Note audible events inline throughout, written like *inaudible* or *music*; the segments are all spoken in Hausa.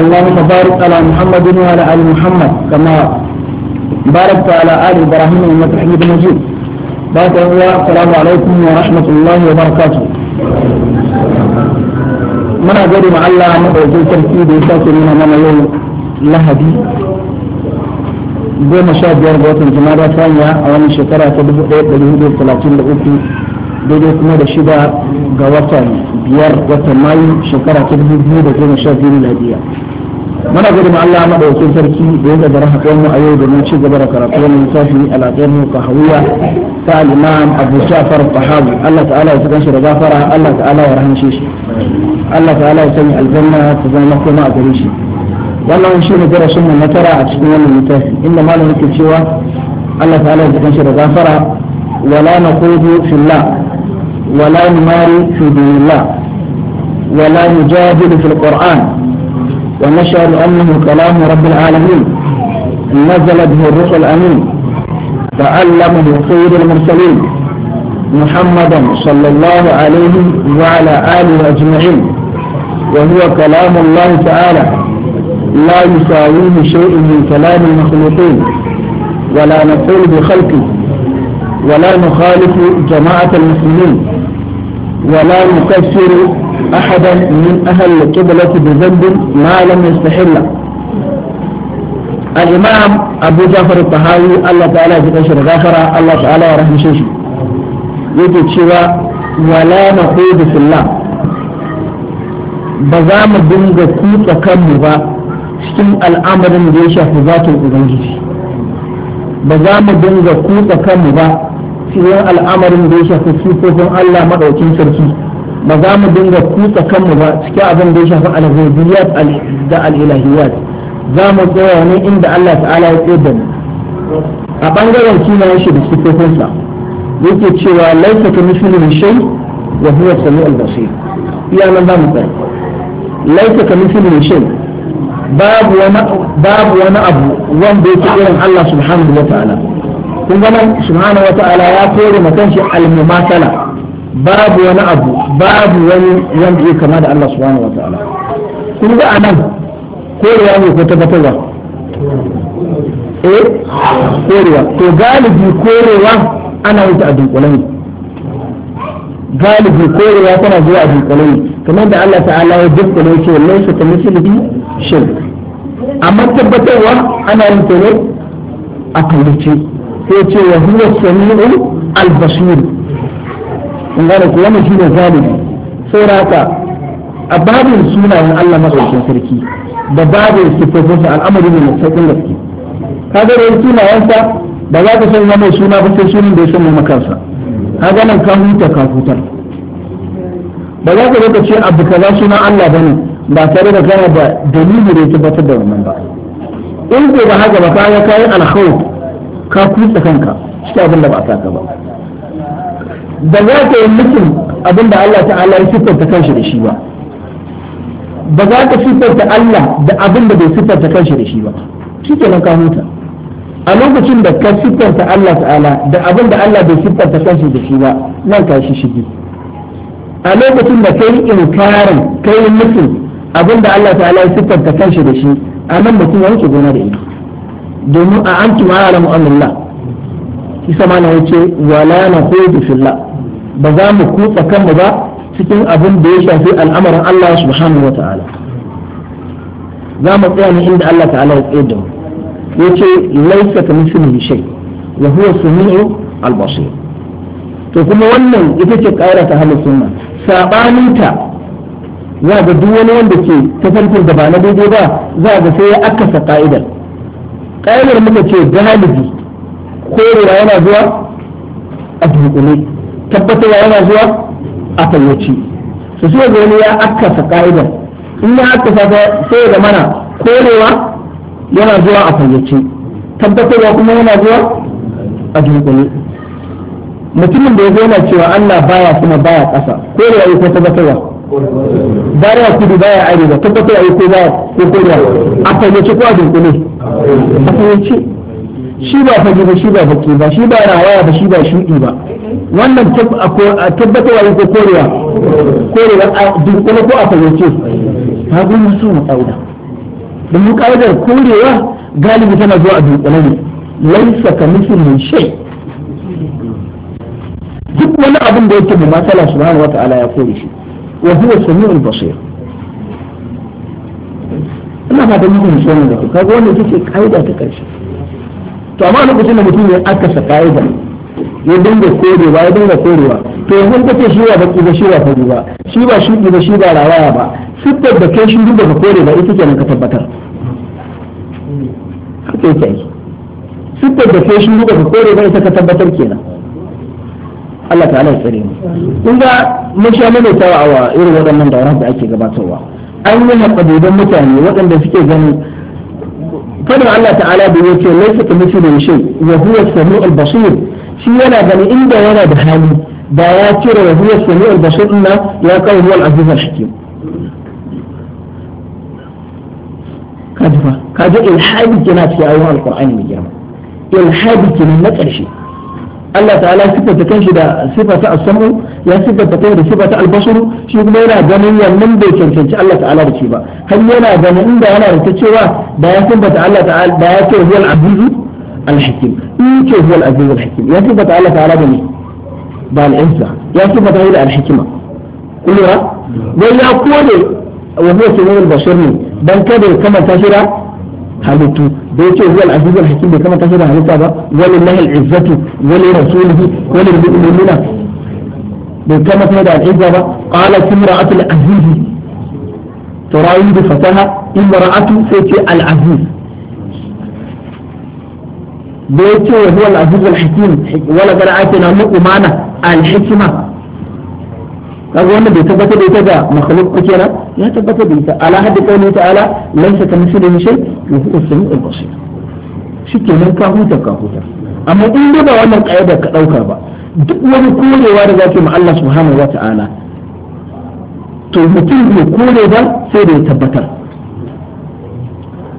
اللهم بارك على محمد وعلى ال محمد كما باركت على ال ابراهيم وامه حميد مجيد بارك الله السلام عليكم ورحمه الله وبركاته من اجري مع الله ان ادعو في تركي من امام يوم لهدي بو مشاهد يوم بوت الجمالة ثانية اوان الشكرة تدبو ايه بلو هدو الثلاثين لقوتي بيدو كما دا شبا بيار غوطا ماي شكرة تدبو هدو كما شاهد يوم muna gode ma Allah madaukakin sarki da ya gabara haɗuwar mu a yau domin ci gaba da karatu wannan littafi alaƙar mu kahawiya ta al-imam Abu Ja'far Tahawi Allah ta'ala ya saka shi da gafara Allah ta'ala ya rahamshe shi Allah ta'ala ya sanya aljanna ta zama kuma a gare shi wannan shi ne darasin mu na tara a cikin wannan littafi inda malamin yake cewa Allah ta'ala ya saka shi da gafara wala naqudu fillah wala numari fi dinillah wala nujadilu fil qur'an ونشهد أنه كلام رب العالمين نزل به الروح الأمين تعلمه خير المرسلين محمدا صلى الله عليه وعلى آله أجمعين وهو كلام الله تعالى لا يساويه شيء من كلام المخلوقين ولا نقول بخلقه ولا نخالف جماعة المسلمين ولا نكسر أحدا من أهل القبلة بذنب ما لم يستحله الإمام أبو جعفر الطهاوي الله تعالى يتشر غفر الله تعالى يرحم شيشه yake cewa wala na hudu fillah ba za mu dinga kutsa kanmu ba cikin al'amarin da ya shafi zatin ubangiji ba za mu dinga kutsa kanmu ba cikin al'amarin da ya Allah maɗaukin sarki ba za mu dinga kusa kanmu ba cikin abin da ya shafi al da al-ilahiyat za mu tsaya ne inda Allah ta'ala ya tsaye da mu a bangaren sunayen shi da sifofinsa yake cewa laisa ka mithlihi shay wa huwa samiul basir iya nan za mu tsaya laisa ka mithlihi shay babu wani babu wani abu wanda yake irin Allah subhanahu wa ta'ala kun ga nan subhanahu wa ta'ala ya kore makan shi al-mumathala babu wani abu babu wani wanda ya kama da Allah subhanahu wa ta'ala kun ga anan korewa ne ko tabbatarwa eh korewa to galibi korewa ana yin a dunkule galibi korewa tana zuwa a dunkule kamar da Allah ta'ala ya dunkule ya ce laysa ka mislihi shirk amma tabbatarwa ana yin ta ne a kallace sai ce wa huwa samiu al-basir in gane ku shi shine zalimi sai raka a babin sunayen Allah madaukakin sarki da babin sifofin sa al'amari ne mai saukin gaske ka ga dai sunayen sa ba za ka sanya mai suna ba sai sunan da ya sanya maka kansa ka ga nan ka huta ka hutar ba za ka lokaci abu kaza sunan Allah bane ba tare da kana da dalili da ya tabbatar da wannan ba in ko ba haka ba ka ga kai alkhawf ka kutsa kanka shi abin da ba a saka ba ba za ka yi mutum abin da Allah ta'ala ya siffanta kanshi da shi ba ba za ka siffanta Allah da abin da bai siffanta kanshi da shi ba shi ke ka huta a lokacin da ka siffanta Allah ta'ala da abin da Allah bai siffanta kanshi da shi ba nan ka shi shigi a lokacin da kai inkarin kai mutum abin da Allah ta'ala ya siffanta kanshi da shi a nan mutum ya wuce gona da ita domin a antum a'lamu mu'amala. isa ma na wuce wala na hudu fillah ba za mu kutsa kanmu ba cikin abin da ya shafi al'amarin Allah subhanahu wa ta'ala za mu tsaya ne inda Allah ta'ala ya tsaye da mu laisa ka mislihi shay wa huwa samiu al-basir to kuma wannan ita ce ƙara ta halin sunna ta za ga duk wani wanda ke tafarkin da ba na daidai ba za ga sai ya akasa ka'idar ka'idar muka ce galibi korewa yana zuwa a dunkule tabbatar yana zuwa a fayyaci, su suwa ga ya akkasa ka'idar in ya akkasa ka sai da mana korewa yana zuwa a tabbatar tabbatarwa kuma yana zuwa a dunkule mutumin da ya zo yana cewa Allah baya kuma baya ƙasa korewa ya ko tabbatarwa baya kudu baya arewa tabbatarwa ya ko baya ko korewa a fayyaci ko a dunkule a fayyaci shi ba fage ba shi ba baki ba shi ba rawaya ba shi ba shuɗi ba wannan tabbatarwa ko korewa korewa a dunkule ko a fahimce ta gudun su mu ƙa'ida da mu ƙa'idar korewa galibi tana zuwa a dunkule ne laisa ka mai shai duk wani abin da yake mai matsala wata ala ya kore shi wa huwa sami basir ina ba da mutum shi wannan da kaga wannan take kaida ta karshe? to amma lokacin da mutum ya akasa ƙa'idar ya dinga korewa ya dinga korewa to yanzu ka ce shi ba baki ba shi ba fari ba shi ba shuɗi ba shi ba rawaya ba siffar da kai shi da ka kore ba ita kenan ka tabbatar kake kai siffar da kai shi da ka kore ba ita ka tabbatar kenan Allah ta'ala ya tsare mu kun ga mun sha mai tawawa irin waɗannan da da ake gabatarwa an yi haƙadudan mutane waɗanda suke ganin kada Allah ta'ala da yake laifuka kamar shi da shi wa huwa sami'ul basir shi yana gani inda yana da hali ba ya cire wa huwa sami'ul basir din ya kawo huwa al-aziz al-hakim kaji fa kaji ilhadi kina cikin ayoyin alqur'ani mai girma ilhadi kina na ƙarshe Allah ta'ala sifata kanshi da sifata as-sam'u ya sifata kai da sifata al-basru shi kuma yana ganin wannan bai cancanci Allah ta'ala da shi ba har yana ganin inda yana da ta cewa ba ya sifata Allah ta'ala da ya ce huwa al-aziz al-hakim shi ke huwal al-hakim ya tabbata Allah ta'ala da ni ba al-izza ya tabbata da al-hikima kullura dan ya kode wa huwa samiul basir ne dan kada da halittu da yake huwa al-aziz al-hakim bai da halitta ba walillahi al-izzatu wa li rasulihi wa lil mu'minina bai kamanta da al-izza ba qalat imra'atu aziz turawidu fataha imra'atu sai al-aziz da ya ce wa huwa al-aziz al-hakim wala qad atina luqmana al-hikma kaga wannan bai tabbatar da ita ga makhluq ko kenan ya tabbatar da ita ala hadda ne ta'ala laysa kamithlihi shay wa huwa as-sami'ul basir shikenan ka huta ka huta amma in dai ba wannan kaida ka dauka ba duk wani korewa da zaki ma Allah subhanahu wata'ala to mutum bai kore ba sai da ya tabbatar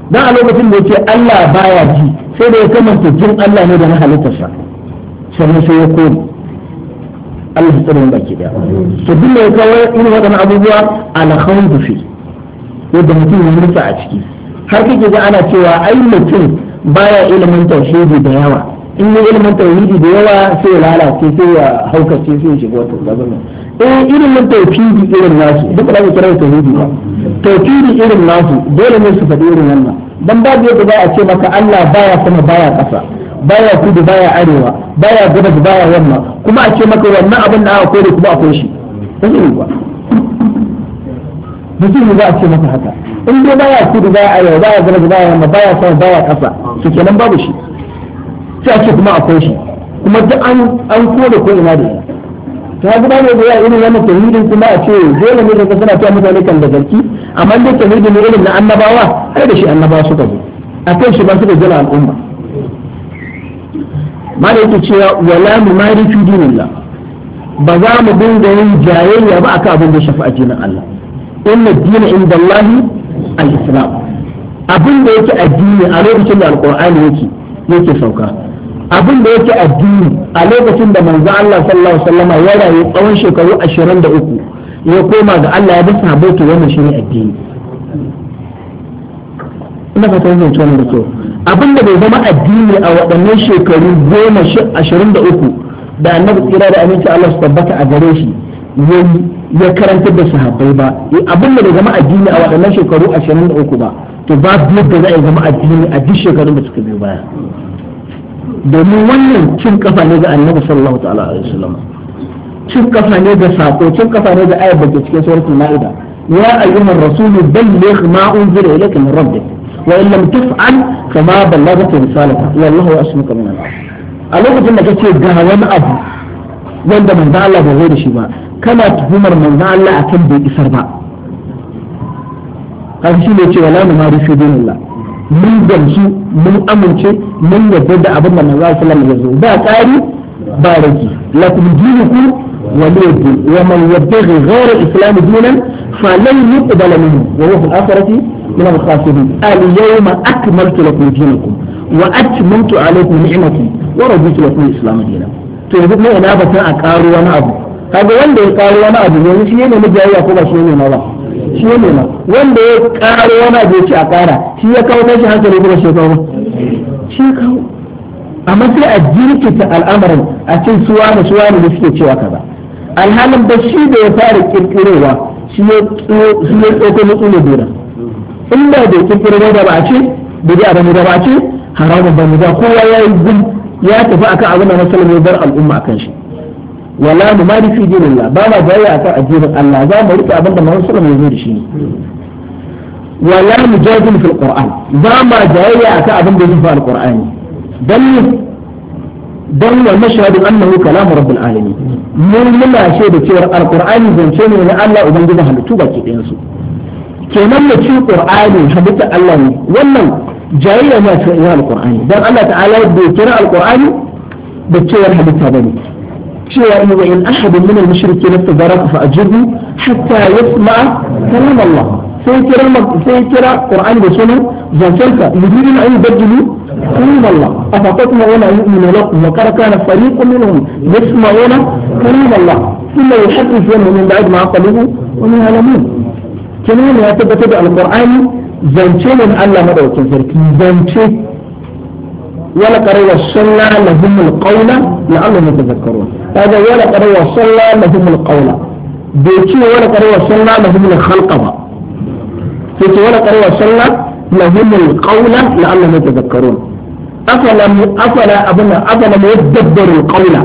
dan a lokacin da yake Allah baya ji sai da ya kamanta tukin Allah ne da na halittarsa sannan sai ya koma Allah ya tsare baki daya to duk da ya kawo irin waɗannan abubuwa alhawan dufi yadda mutum ya murta a ciki har kake ga ana cewa ai mutum baya ilimin tauhidi da yawa in yi ilimin tauhidi da yawa sai ya lalace sai ya haukace sai ya shiga wata zabana eh ilimin tauhidi irin nasu duk da ba kira tauhidi ba tauhidi irin nasu dole ne su faɗi irin wannan dan babu yadda za a ce maka Allah baya sama baya ƙasa baya kudu baya arewa baya gabas baya yamma kuma a ce maka wannan abin da aka kore kuma akwai shi dan irin ba mutum za a ce maka haka in dai baya kudu baya arewa baya gabas baya yamma baya sama baya ƙasa to kenan babu shi sai a ce kuma akwai shi kuma duk an an kore ko ina da ina ta zuba ne da irin wannan tauhidin kuma a ce dole ne ka suna ta mutane kan da zarki amma da tauhidin ne irin na annabawa har da shi annabawa suka zo a kan shi ba suka jira al'umma mala yake cewa wala mu mari fi dinillah ba za mu dinga yin jayayya ba akan abin da shafi addinin Allah inna dina inda Allah al-islam abin da yake addini a lokacin da alqur'ani yake yake sauka abin da yake addini a lokacin da manzo Allah sallallahu alaihi wasallama ya rayu tsawon shekaru 23 ya koma ga Allah ya bi sahabbai to wannan shine addini ina fatan zan tona tsawon kyau abin da bai zama addini a waɗannan shekaru 23 da annabi tsira da aminci Allah su tabbata a gare shi yayi ya karantar da sahabbai ba abin da bai zama addini a waɗannan shekaru 23 ba to ba biyar da za a zama addini a duk shekarun da suka biyo baya domin wannan cin kafa ne ga annabi sallallahu ta'ala alaihi wasallam cin kafa ne da sako cin kafa ne da ayat da ke cikin suratul maida ya ayyuhar rasul balligh ma unzila ilayka min rabbik wa in lam taf'al fama ballaghta risalata wallahu yasmuka min al a lokacin da kace ga wani abu wanda manzo Allah bai zai da shi ba kana tuhumar manzo Allah akan bai isar ba kan shi ne cewa la numari fi dinillah mun gamsu mun amince mun yarda da abin da manzo sallallahu alaihi wasallam ba ƙari ba rage lakum dinukum waliyadin wa man yabtaghi ghayra al-islam dinan falan yuqbal minhu wa huwa fil akhirati min al-khasirin al-yawma akmaltu lakum dinakum wa atmamtu alaykum ni'mati wa raditu lakum al-islam dinan to yanzu mai ina batun a ƙaro wani abu kaga wanda ya ƙaro wani abu yanzu shi ne mu jayya ko ba shi ne ma ba shi ya nema wanda ya karo wani abu ci a kara shi ya kawo tashi hankali kuma shi ya kawo shi ya kawo amma sai a jirkita al'amarin a cin suwa da suwa da suke cewa kaza alhalin da shi da ya fara kirkirowa shi ya tsoko mutu ne dora inda da kirkiro da ba a ce da ji mu da ba a ce haramun ba mu da kowa ya yi gum ya tafi akan abin da masalmi bar al'umma akan shi wala mu ma fi dinillah ba ma jayya akan addinin Allah za mu rike abin da Muhammad sallallahu alaihi wasallam ya zo da shi ne wala mu jadil fil qur'an za ma jayya akan abin da ya fil qur'ani dan dan wa mashhadu annahu kalamu rabbil alamin mun muna da cewa alqur'ani zance ne na Allah ubangiji halittu baki ɗayan su kenan mu ci qur'ani halitta Allah ne wannan jayya ma ta alqur'ani dan Allah ta'ala bai kira alqur'ani da cewa halitta bane شيء يعني وإن أحد من المشركين استجارك فأجره حتى يسمع كلام الله سيكرا سيكرا قرآن بسنة زنسلك يريدون أن يبدلوا كلام الله أفتطمعون ولا يؤمن لكم وقد كان فريق منهم يسمعون كلام الله ثم يحدثون من بعد ما عقلوه ومن يعلمون كمان يا تبتدأ القرآن زنسلهم ألا مدعوكم فريق زنسل ولقد وصلنا لهم القول لعلهم يتذكرون kaga wala qad wasalna lahum alqawla bai ce wala qad wasalna lahum alkhalqa ba sai ce wala qad wasalna lahum alqawla la'allahum yatadhakkarun afala afala abuna afala yadabbaru alqawla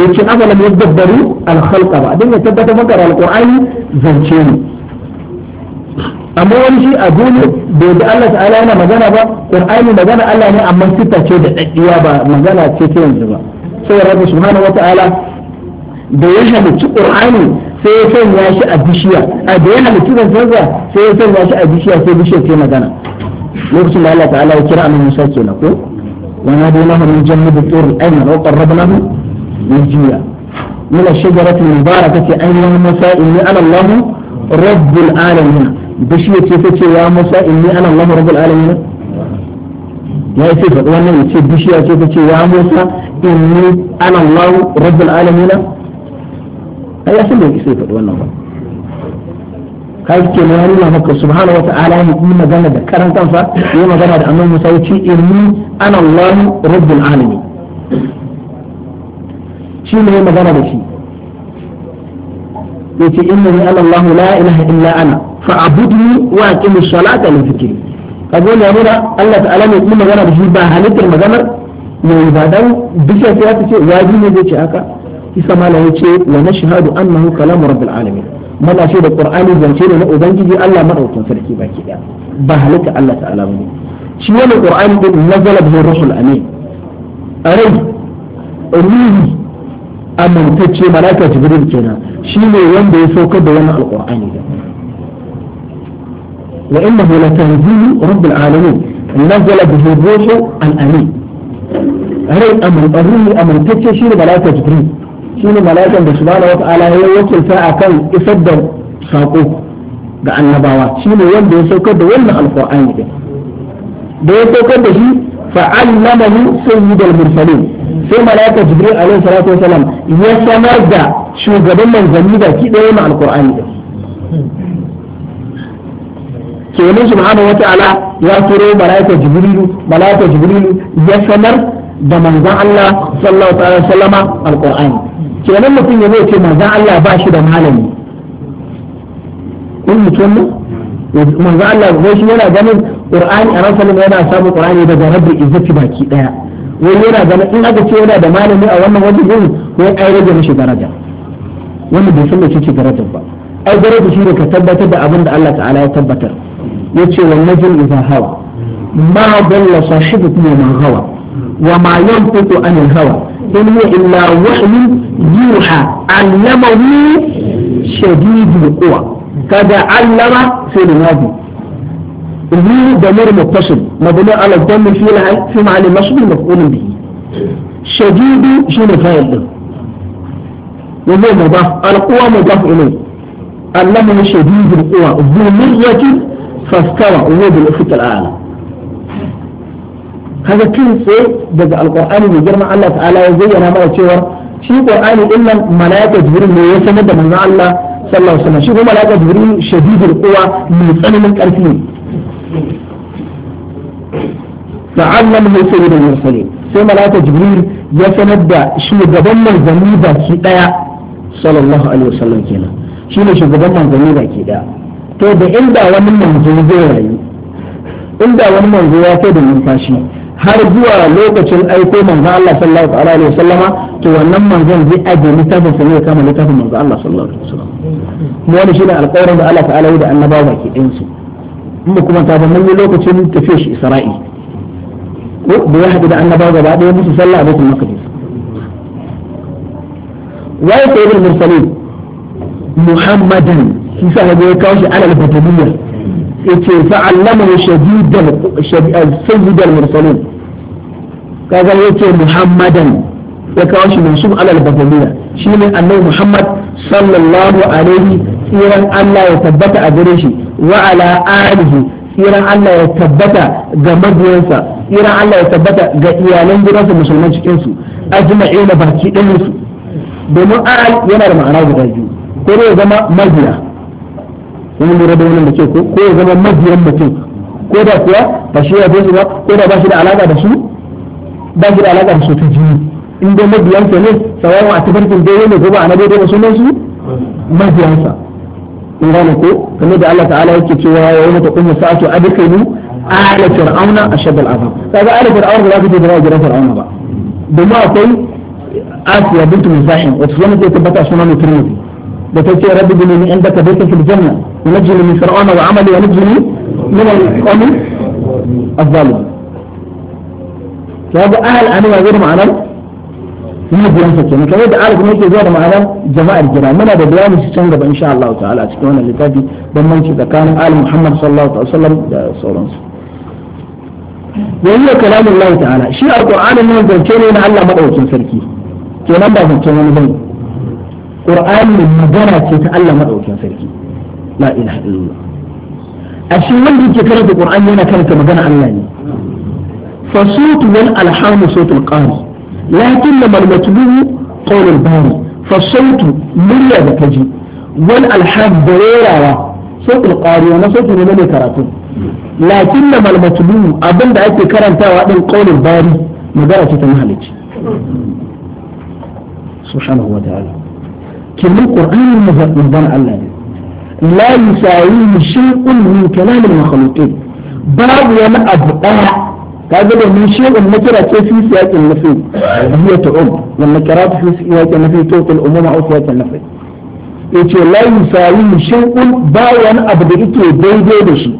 bai ce afala yadabbaru alkhalqa ba dan ya tabbata maka alqur'ani zance ne amma wani shi abu ne bai da Allah ta'ala yana magana ba qur'ani magana Allah ne amma sita ce da daddiya ba magana ce ta yanzu ba saboda haka subhanahu wata'ala da ya halicci qur'ani sai ya sanya shi a bishiya a da ya halicci zanzanza sai ya sanya shi a bishiya sai bishiyar ta magana lokacin da Allah ta'ala ya kira annabi Musa kenan ko wa nadaynahu min jannati tur ayman wa qarrabnahu najiya من الشجرة المباركة أيها موسى إني أنا الله رب العالمين بشية تفتي يا موسى إني أنا الله رب العالمين ya ce faɗi wannan ya ce bishiya ce ta ce ya musa inni ana Allah rabbul alamina. ai ya san da yake sai faɗi wannan ba kai ke ne yana maka subhanahu wa ta'ala ya yi magana da karan kansa ya magana da annabi Musa ya ce inni ana Allah rabbul alamin shi ne ya magana da shi yace innani ana Allah la ilaha illa ana Fa fa'budni wa aqimis salata li dhikri kaga wannan ya nuna Allah ta'ala ne kuma magana da shi ba halittar maganar yau ba dan bishiyar ya ce waji ne zai ce haka isa malam ya ce wa na shahadu annahu kalamu rabbil alamin mana ce da qur'ani zance ne na ubangiji Allah madaukakin sarki baki daya ba halitta Allah ta'ala bane shi ne qur'ani din nazala bihi rusul amin arai ummi amintacce malaika jibril kenan shi ne wanda ya saukar da wannan alqur'ani da وإنه لتنزيل رب العالمين نزل به الروح الأمين rai amurɓarri amurtacce shi ne mala'ika jibril shi ne mala'ikan da wa ta'ala ya wakilta kan isar da saƙo ga annabawa shi ne wanda ya saukar da wannan alqur'ani din da ya saukar da shi fa'allamahu sayyidul mursalin sai mala'ika jibril alaihi salatu wasalam ya sanar da shugaban manzanni da ki ɗaya na alqur'ani din kenan subhanahu wata'ala ya turo mala'ika jibrilu mala'ika jibrilu ya sanar da manzan Allah sallallahu alaihi wasallama alqur'ani kenan mutum ya zai ce manzan Allah ba shi da malami kun mutum manzan Allah ko shi yana ganin qur'ani a rasulun yana samun qur'ani daga rabbi izzati baki daya wai yana ganin in aka ce yana da malami a wannan wajen din wai ai rage mishi daraja wanda bai san mece ce darajar ba ai daraja shi ne ka tabbatar da abin da Allah ta'ala ya tabbatar yace wannan jin idza hawa ma dalla sahibukum ma hawa وما ينطق عن الهوى إن هو إلا وحي يوحى علمه شديد القوى كذا علم في الماضي اللي ضمير متصل ما بناء على الضم في في معنى مصدر مفعول به شديد شنو فاعل وهو مضاف القوى مضاف إليه علمه شديد القوى ذو مرة فاستوى وهو بالأفق الأعلى kaga kin tsaye daga alqur'ani mai girma Allah ta'ala ya zayyana mana cewa shi qur'ani din nan malaika jibril ne ya sanar da manzon Allah sallallahu alaihi wasallam shi kuma malaika jibril shadidul quwa mai tsananin karfi ne ta'allam mai da mursalin sai malaika jibril ya sanar da shugaban manzanni baki daya sallallahu alaihi wasallam kenan shi ne shugaban manzanni baki daya to da inda wani manzo zai rayu inda wani manzo ya kai da numfashi har zuwa lokacin aiko manzo Allah sallallahu alaihi wasallama to wannan manzon zai aje littafin sa ne kama littafin manzo Allah sallallahu alaihi wasallam mu wani shine alƙawarin da Allah ta'ala da annabawa baki ɗayan su in ba kuma ta ba lokacin tafiyar shi Isra'i ko da ya haɗu da annabawa gaba ɗaya musu sallah a baitul maqdis wa ya sayyidul mursalin muhammadan shi sa ya kawo shi alal bataliyya yake fa'allamahu shahidan mursalin kaga yake muhammadan ya kawo shi mansub alal badaliya shine annabi muhammad sallallahu alaihi tsiran Allah ya tabbata a gare shi wa ala alihi tsiran Allah ya tabbata ga mabiyansa tsiran Allah ya tabbata ga iyalan gidansa musulman cikin su ajma'ina baki ɗinsu, domin al yana da ma'ana guda biyu ko ya zama mabiya mun lura da wannan da ke ko ko ya zama majiyan mutum ko da kuwa ba shi ya shi ba ko da ba shi da alaka da su ba shi da alaka da su ta jini in dai mabiyan sa ne sawawa a tafarkin dai ne ko ba a nabi dai sunan su mabiyan sa in gane ko kamar da Allah ta'ala yake cewa ya yi mata kuma sa'atu adkhilu ala fir'auna ashad al'azab kaga ala fir'auna ba za ka je da gidan fir'auna ba domin akwai asiya bintu musahin wata sunan da ya tabbata sunan mutum da ta ce rabbi bin ni indaka baita fil janna ونجني من فرعون وعملي ونجني من القوم الظالم فهذا أهل أنا غير معنى من بيانسة كنا كما يدعى لك نيكي زيادة معنا جماعة الجيران من هذا بيان سيشن إن شاء الله تعالى أتكلم اللي تابي بمنك إذا كان آل محمد صلى الله عليه وسلم دا صورنس وهي كلام الله تعالى شيء القرآن إنه زنكيني إن الله مدعو سلكي كنا ما زنكيني قرآن من مدنة تتألم مدعو سلكي la ilaha illallah a shi wanda yake karanta qur'ani yana karanta magana Allah ne fa sautu wal alhamu sautul qari lakin lamal matlubu qawlul bari fa sautu murya da kaji wal alham da rerawa sautul qari wannan sautu ne mai karatu lakin lamal matlubu abinda ake karantawa din qawlul bari magana ce ta mahalici la yusawi shay'un min kalam al-makhluqin babu wani abu daya kaga da mun shay'un nakira ce fi siyaqin nafi hiya ta'um lam nakiratu fi siyaqin nafi tuqil umum aw siyaqin nafi yace la yusawi shay'un ba wani abu da yake daidai dashi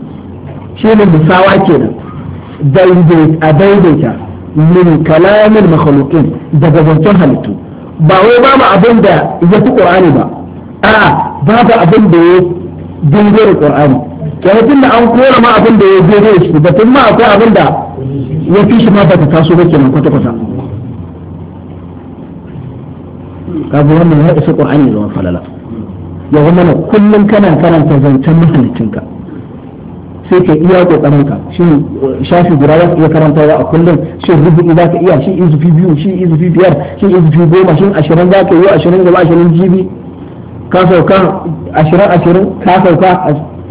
shi shine musawa kenan daidai a daidaita min kalamin makhluqin daga zancen halittu ba wai ba abin da ya fi ba A'a babu abin da ya dingo da qur'ani kenan da an kora ma abin da ya dingo shi da tun ma akwai abin da ya fi shi ma ba ta taso ba kenan kwata kwata kaga wannan ya isa qur'ani zama falala ya zama na kullum kana karanta zancen mahalicinka sai ka iya kokarin ka shi eh, shafi guda za ka iya karantawa a kullum shi rubu'i za ka iya shi izufi biyu shi izufi biyar shi izufi goma shi ashirin za ka yi ashirin gaba ashirin jibi ka sauka ashirin ashirin ka sauka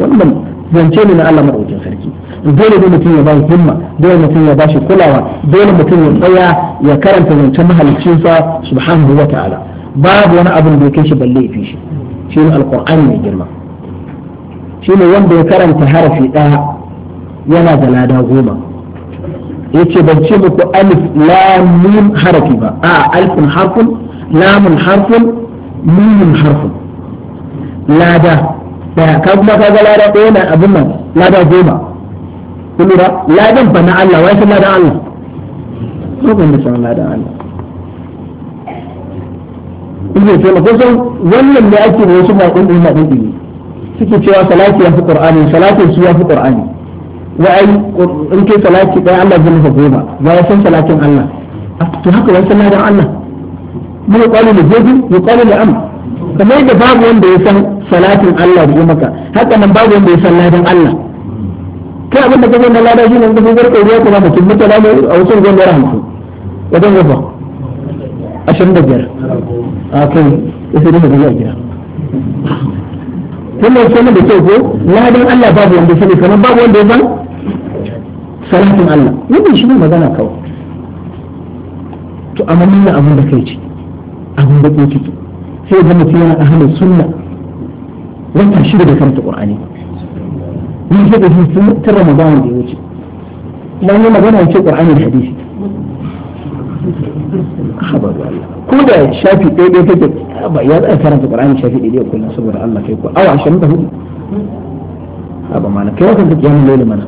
wannan zance ne na Allah maɗaukin sarki dole ne mutum ya bashi himma dole mutum ya bashi kulawa dole mutum ya tsaya ya karanta zancen mahaliccinsa subhanahu wa ta'ala babu wani abin da ya kai shi balle ya fi shi shi ne alqur'ani mai girma shi ne wanda ya karanta harafi ɗaya yana da lada goma yace ban ce muku alif lam harafi ba a alifun harfun lamun harfun mimun harfun lada daya ka kuma ka ga lada ɗaya na abin nan lada goma kun lura ladan fa na Allah wai san ladan Allah ko ban da san ladan Allah ina ce ko san wannan da ake da wasu maƙun din na dindi suke cewa salati ya fi qur'ani salati su ya fi qur'ani wa ai in ke salati ɗaya Allah zai maka goma ba ya san salatin Allah ah, to haka wai san ladan Allah ya kwalo da jebi ya kwalo da am kamar da babu wanda ya san salatin Allah da maka haka nan babu wanda ya san ladan Allah kai abin da ka zai na lada shi ne in ka fi ya kuma mutum ba da mu a wasu ruwan da hamsin wajen gaba ashirin da biyar a kai isa da biyar gida wannan sanin da kyau ko ladan Allah babu wanda ya sani kamar babu wanda ya san salatin Allah wannan shi ne magana kawai to amma nuna abin da kai ce abin da kai ciki sai ga mutum yana ahlus sunna wata shida da karanta qur'ani mun ji da sun tun ramadan da ya wuce kuma yi magana ce qur'ani da hadisi haɓar ko da shafi ɗaya ɗaya take ba ya tsaya karanta qur'ani shafi ɗaya ɗaya kullum saboda Allah kai ko awa ashirin da hudu haɓa mana kai wakan ta kiyamun laili mana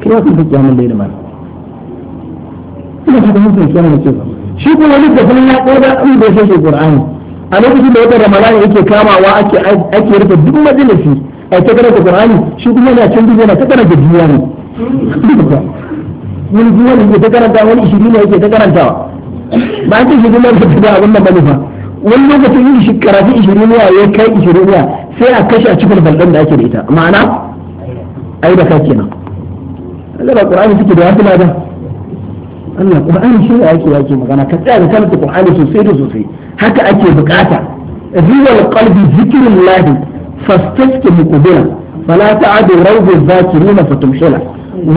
kai wakan ta kiyamun laili mana ina ta fahimtar kiyamun da ke ba shi kuma wani da kuma ya ɗaya da an bai shi qur'ani a lokacin da watan ramadan yake kamawa ake ake rufe duk majalisi a ta karanta qur'ani shi kuma yana can duniya ta karanta duniya ne Mun duniya ne yake ta karanta wani ishirin ne yake ta karantawa ba an ce shi duniya ta ta abin da manufa wani lokacin yin shi karatu ishirin ya kai ishirin sai a kashe a cikin balɗan da ake da ita ma'ana ai da ka kenan Allah ba qur'ani suke da wasu ladan Allah qur'ani shi ne ake yake magana ka tsaya da karanta qur'ani sosai da sosai haka ake bukata riwal qalbi zikrullahi fastaski muqbila fala ta'adu rawdu zakirina fatumshila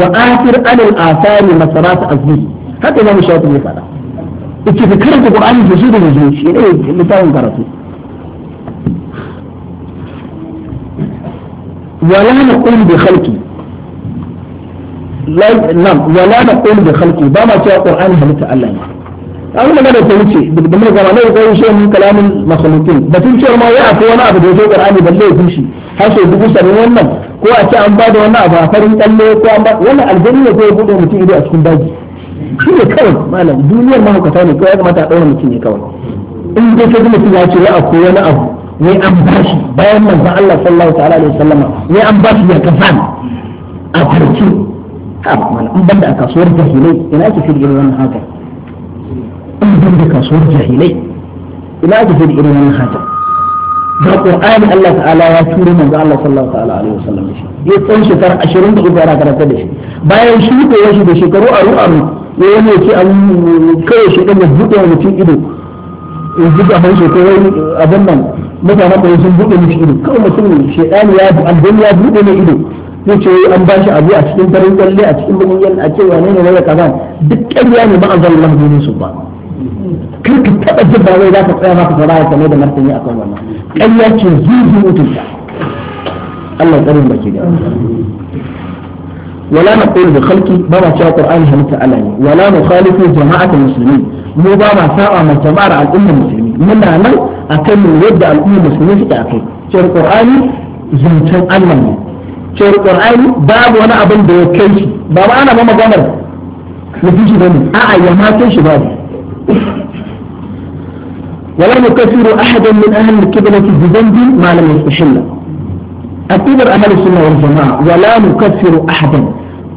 wa akhir alal athari masarat azmi haka zamu shawo ne fara ita ka karanta qur'ani zuwa da sosai shi ne littafin karatu ولا نقول بخلقي لا نعم ولا نقول بخلقي بما جاء القرآن هل تعلم an magana ta wuce duk da mun gama ne ko shi kalamin makhluqin batun cewa ma ya afi wani abu da yake Qur'ani balle ya fushi har sai dubu sabin wannan ko a ce an bada wannan abu a farin kalle ko an ba wannan aljanna ko ya bude mutum ido a cikin daji shi ne kawai malam duniyar mahaukata ne ko ya kamata a ɗaura mutum ne kawai in dai kaji mutum ya ce ya afi wani abu ne an bashi bayan manzon Allah sallallahu ta'ala alaihi wasallama ne an bashi ya kafan a farki ha malam in banda a kasuwar jahilai ina ake shirye wannan haka in da kasuwar jahilai ina ga da irin wani haja da qur'ani Allah ta'ala ya turo manzo Allah sallallahu ta'ala alaihi wasallam da shi ya tsan shekara 23 ana karanta da shi bayan shi ko ya shi da shekaru aru aru ya yana ce an kai shi da buɗe mutum ido in buɗe hanshi ko wani abin nan mutanen da sun buɗe mishi ido kawai mutum shedani ya aljan ya buɗe mai ido zai ce an bashi shi abu a cikin farin kyalle a cikin bakin a cewa ne ne wani kaza duk ƙarya ne ba an zama lafi su ba kar ka taɓa jin ba wai za ka tsaya maka gaba ya sanai da martani a kan wannan ƙarya ce zuzu mutunta Allah ya tsarin baki da wala na ƙoli da halki ba ma ƙur'ani halitta ala ne wala mu khalifu jama'atul musulmi mu ba ma saba jama'ar al'ummar musulmi muna nan a kan mu yadda al'ummar musulmi suke a kai cewar ƙur'ani Allah ne cewar babu wani abin da ya kai shi ba ma ana ba maganar mutunci ba ne a'a ya ma kai shi babu ولا نكفر أحدا من أهل الكبلة بذنب ما لم يستحل أكبر أهل السنة والجماعة ولا نكفر أحدا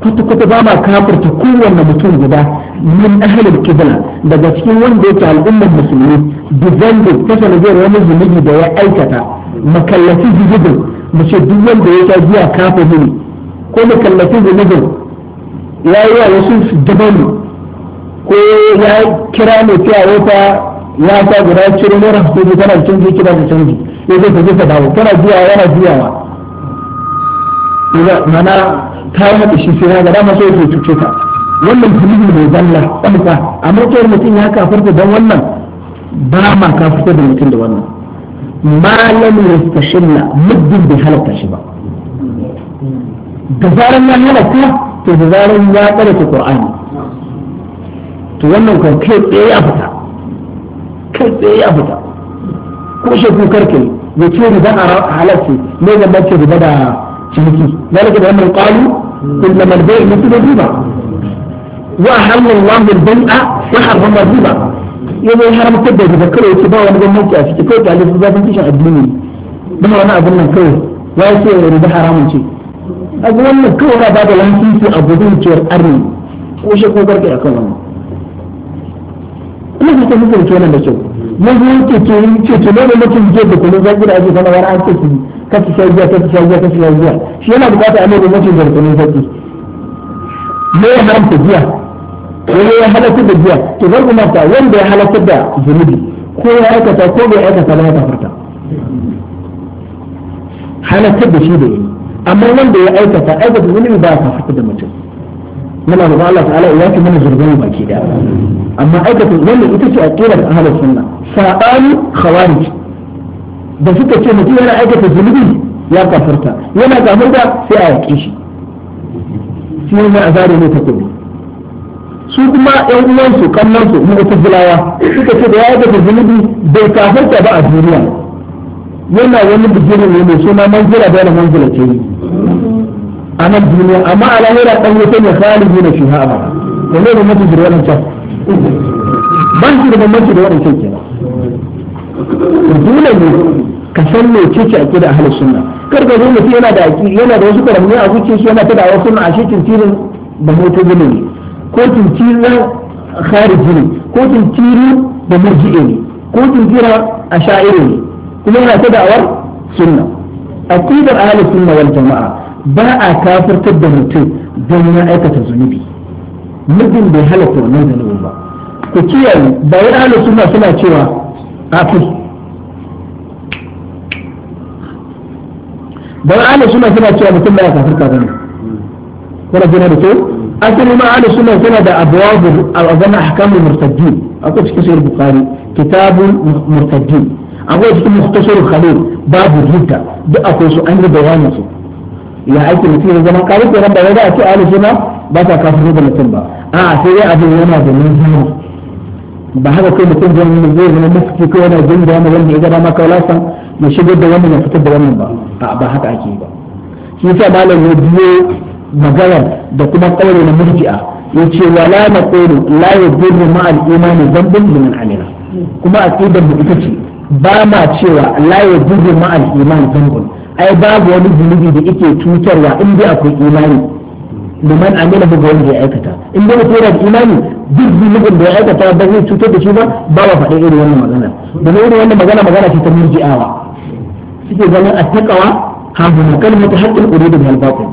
كنت كنت باما كافر تكون متون جدا من أهل الكبلة لذا تكون وان ديك على الأمة المسلمين بذنب كسر جير ومز مجي دواء أيكتا مكلفي جدا مش الدول ديك جيا كافر مني كل مكلفي جدا يا يا يسوس دبني ko ya kira mai fiya wata ya sa guda ciro su hudu tana cin canji ba da canji ya zai kaje ka dawo kana biya yana biyawa mana ta yi haɗe shi sai ya ga dama sai ya cuce ka wannan zunubi mai zalla ɗanka a kawai mutum ya kafarta don wannan ba ma kafarta da mutum da wannan malam ya tashilla muddin bai halatta shi ba da zarar ya halatta to da zarar ya tsare ta qur'ani to wannan kan kai tsaye ya fita kai tsaye ya fita ko shakku karke ya ce riba a halarci ne da mace riba da ciniki zalika da yamman qalu kullum al-bay' mithlu riba wa halal Allahu al-bay'a wa harrama riba yanzu ya haramta da riba kawai ya ce ba wani gwamnati a ciki kawai talibin zafin kishin addini ba wani abin nan kawai ya ce riba haramun ce a wannan kawai na bada lansisi a gudun arni ko shi ko garke akan wannan ina fata muku da wannan da kyau yanzu ke ke ne da mutum ke da kullum zaki da ake sana wani an kake ka ci sai ka ci sai ka ci sai shi yana bukata a ne da mutum da kuma zaki ne ya haramta giya wani ya halatta da giya to zan kuma ta wanda ya halatta da zunubi ko ya aikata ko bai aikata ba ya kafarta halatta da shi da yi amma wanda ya aikata aikata zunubi ba ya kafarta da mutum muna roƙon Allah ta'ala ya fi mana zurgin baki da amma aikata wannan ita ce a aqidar ahlus sunna saɓani khawarij da suka ce mutum yana aikata zunubi ya kafarta yana kafarta sai a yaƙe shi shi ne a zare ne ta kudu su kuma yan uwansu kallon su mu'tazilawa suka ce da ya aikata zunubi bai kafarta ba a duniya yana wani bijirin ne mai suna manzila da yana manzila ce a nan duniya amma a lahira ɗan wuta ne khalidi na shi haɓa da ne da mutum jirwanin can ban shi da ban da waɗancan kenan dole ne ka san me ce ce ake da ahli sunna kar ka zo mutum yana da aki yana da wasu karamu a zuciyar shi yana ta da wasu a shi tintirin da mutazili ne ko tintirin khariji ne ko tintirin da murji'i ne ko a asha'iri ne kuma yana ta da'awar sunna aqidar ahli sunna wal jama'a ba a kafirtar da mutum don ya aikata zunubi mutum bai halatta wannan zunubin ba ku kiyaye ba wai ahli sunna suna cewa kafir don ala suna suna cewa mutum baya kafirta bane kuna jina da kyau asali ma ala suna suna da abwabu al-azama ahkamul murtaddin akwai cikin sahih bukhari kitabul murtaddin akwai cikin mukhtasar khalil babu ridda duk akwai su an yi bayanin su ya aiki mutum ya zama kafir da ran ba wai da a ce ala suna ba ta kafirta da mutum ba a sai dai abin yana da nazari ba haka kai mutum zai zama mufti kai yana jin da wanda ya gaba maka san? ya shigar da wannan ya fitar da wannan ba ba haka ake ba shi yasa malam ya biyo maganar da kuma kawai na murji'a yace wala naqulu la yadurru ma al zambin? dhanbun liman Amina kuma aqidar mu ita ce ba ma cewa la yadurru ma al zambin dhanbun ai babu wani zunubi da yake cutarwa in dai akwai imani liman amila ba wanda ya aikata in dai mutum yana da imani duk zunubin da ya aikata ba zai cutar da shi ba ba ba faɗi irin wannan magana domin irin wannan magana magana ce ta murji'awa suke ganin a takawa ha huna kalmata haƙƙin uridu min al-batil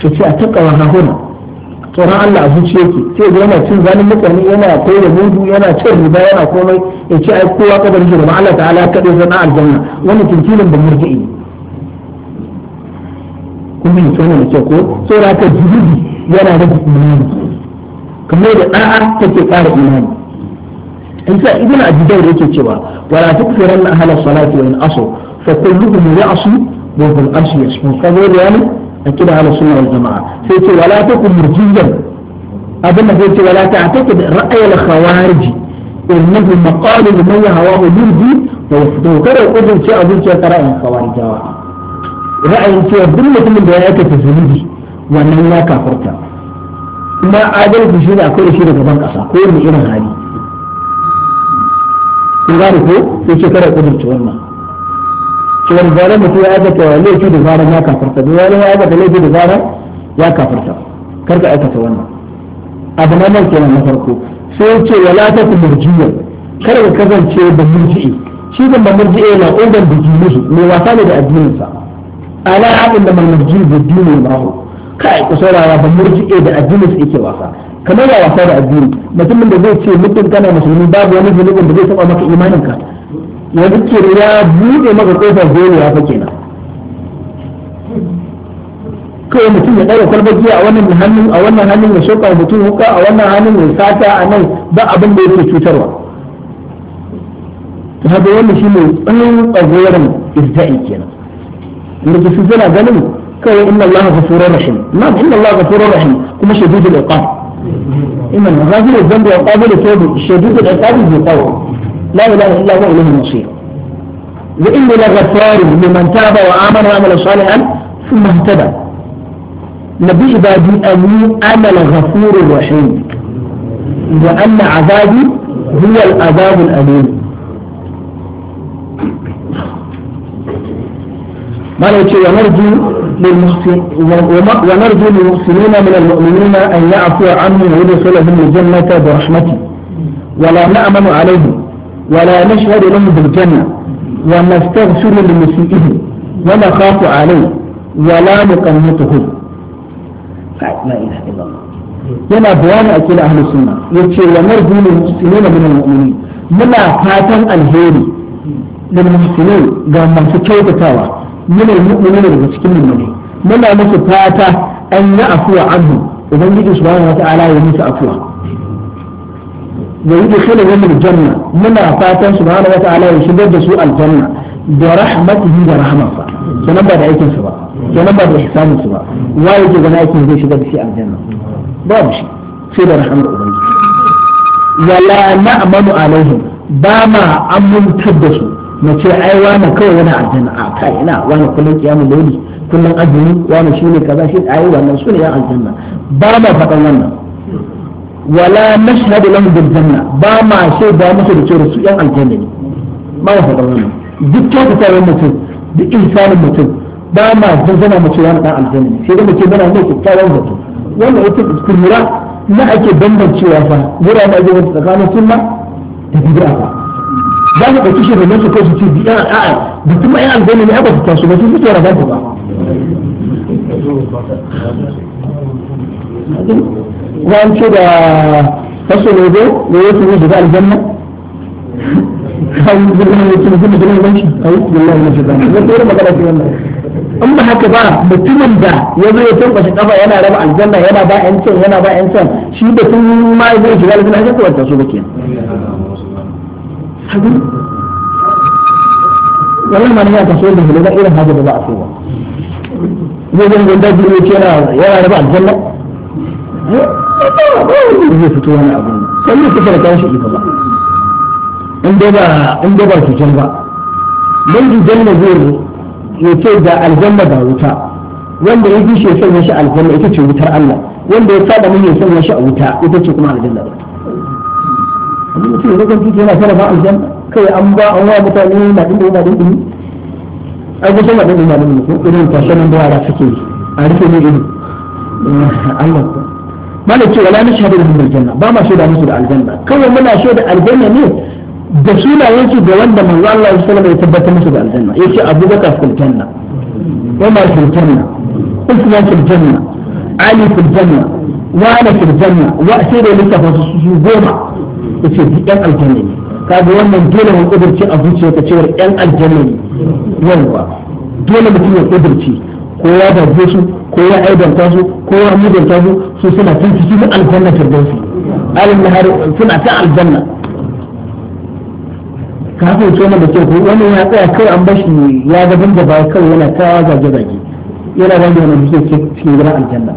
to ce a takawa ha huna tsoron Allah a zuciya yake sai ga yana cin zalin mutane yana kai da mudu yana cin riba yana komai ya ce ai kowa kadar shi da Allah ta'ala kadai zana aljanna wannan tuntunin da murji'i kun bi tsoron da ke ko saboda ka jibi yana da imani kamar da da'a take ƙara imani in sa ibn ajidan yake cewa wala tukfiran ahla salati wa in asu fa kulluhum ya'su wa hum asu yasmu kamar da yana akida ahla sunna wal jamaa sai ce wala takum murjiyan abin da sai ce wala ta'taqid ra'ayal khawarij innahu maqalu man yahawahu yurdi wa yafdu kada kudin ce abin ce ra'ayin khawarijawa ra'ayin cewa duk mutumin da ya aikata zunubi wannan ya kafarta kuma adalci shi ne akwai da shi daga gaban ƙasa ko wani irin hali kun gane ko sai ce kada kudurci wannan cewar zarar mutum ya aikata laifi da zarar ya kafarta da zarar ya aikata laifi da zarar ya kafarta kar ka aikata wannan abu na nan kenan na farko sai ya ce wala ta murjiya kada ka kasance da murji'i shi da murji'i na uban da musu mai wasa ne da addinin sa. ala abin da murji'i da dinin ma'ahu kai ku saurara ba murji'e da addini su yake wasa kamar ya wasa da addini mutumin da zai ce mutum kana musulmi babu wani zunubin da zai saba maka imanin ka yanzu ke ya bude maka kofar gole ya fa kenan kawai mutum ya ɗaga kwalbaji a wannan hannun a wannan hannun ya shoka mutum huka a wannan hannun ya sata a nan ba abin da yake cutarwa to haka wannan ne tsanin tsagoran irta'i kenan ke su zana ganin كي إن الله غفور رحيم ما نعم، إن الله غفور رحيم كما شديد العقاب إن هذه الذنب يقابل التوبة شديد العقاب يقاوم لا إله إلا الله إليه المصير وإني لغفار لمن تاب وآمن وعمل صالحا ثم اهتدى نبي عبادي أمين أنا لغفور رحيم وأن عذابي هو العذاب الأليم ما يا ونرجو ونرجو للمحسنين من المؤمنين أن يعفو عنهم ويدخلهم الجنة برحمته ولا نأمن عليهم ولا نشهد لهم بالجنة ونستغفر لمسيئهم ونخاف عليه ولا نقنطه لا إله إلا الله yana bayani a kila ahlus sunna yace wa narju lil muslimin min al mu'minin muna fatan alheri lil muslimin ga masu kyautatawa من المؤمنين المسكين منه من مصفاتا أن يعفو عنه وبنجد سبحانه وتعالى يمس أفوه ويدخلهم الجنة من فاتا سبحانه وتعالى يشدد سوء الجنة برحمته ورحمته سنبا دعيك سبا سنبا بإحسان سبا وايجي بنائك زي شدد سوء الجنة باب شيء سيد رحمة أبنجي ولا نأمن عليهم بما أمن تدسوا mu ce ai wani kawai yana aljanna a kai ina wani kullum kiyamul layli kullum azumi wani ne kaza shi ai wannan ne yan aljanna ba ma faɗan wannan wala nashhadu lahum bil janna ba ma sai ba musu da cewa su yan aljanna ne ba ma faɗan wannan duk kyautata mutum duk insanin mutum ba ma zazzana mu ce wani dan aljanna ne sai da mu ce muna ne kyakkyawan zato wannan ita kullura na ake bambancewa fa wuraren da ake tsakanin sunna da bid'a za su ɗauki shugaban su ko su ce biya a'a da kuma yan aljanna ne ba su taso ba su su tsora babu ba wani ce da kaso ne zo ne yake ne daga aljanna kan zuwa ne ke zuwa da nan shi kai wallahi ne shiga ne ko magana ce wannan in ba haka ba mutumin da ya zo ya tankwashe kafa yana raba aljanna yana ba yan can yana ba yan can shi da tun ma zai shiga aljanna haka ko ta so ba kenan حجم والله ما نيات سيدنا في الوضع إلى هذا الوضع فيه يجب أن يدعي إلى كنا ولا أنا بعد جنة هي فتوة أنا أقول كل فتوة كان شيء يطلع عندما عندما في جنة من جنة غير يتجد الجنة بوتا وين يجي شيء يسمى شيء الجنة يتجد وتر الله وين يتجد من يسمى شيء وتر يتجد كمان الجنة بوتا abin da ce rukun titi yana sarrafa aljanna kai an ba an wa mutane na dinga yana dinga ai ga sama dinga yana dinga ko irin tashanin da yara suke a rike ne ido Allah ko mana ce wala nashhadu lahum aljanna ba ma shaida musu da aljanna kawai muna shaida aljanna ne da sunayen su da wanda manzo Allah sallallahu alaihi wasallam ya tabbatar musu da aljanna yace Abu Bakar fil janna Umar fil janna Uthman fil janna Ali fil janna wa ana fil janna wa sai da lissafa su goma yace duk yan aljanna ne kaga wannan dole mu kudurci a zuciya ka cewar yan aljanna ne yawa dole mutum ya kudurci ko ya dace su ko ya aibanta su ko ya mudanta su su suna tun cikin aljanna su alin nahar suna ta aljanna ka fahimci wannan da kyau ko wani ya tsaya kawai an bashi ya ga banda ba kawai yana ta zage zage yana rage wani da ke cikin gidan aljanna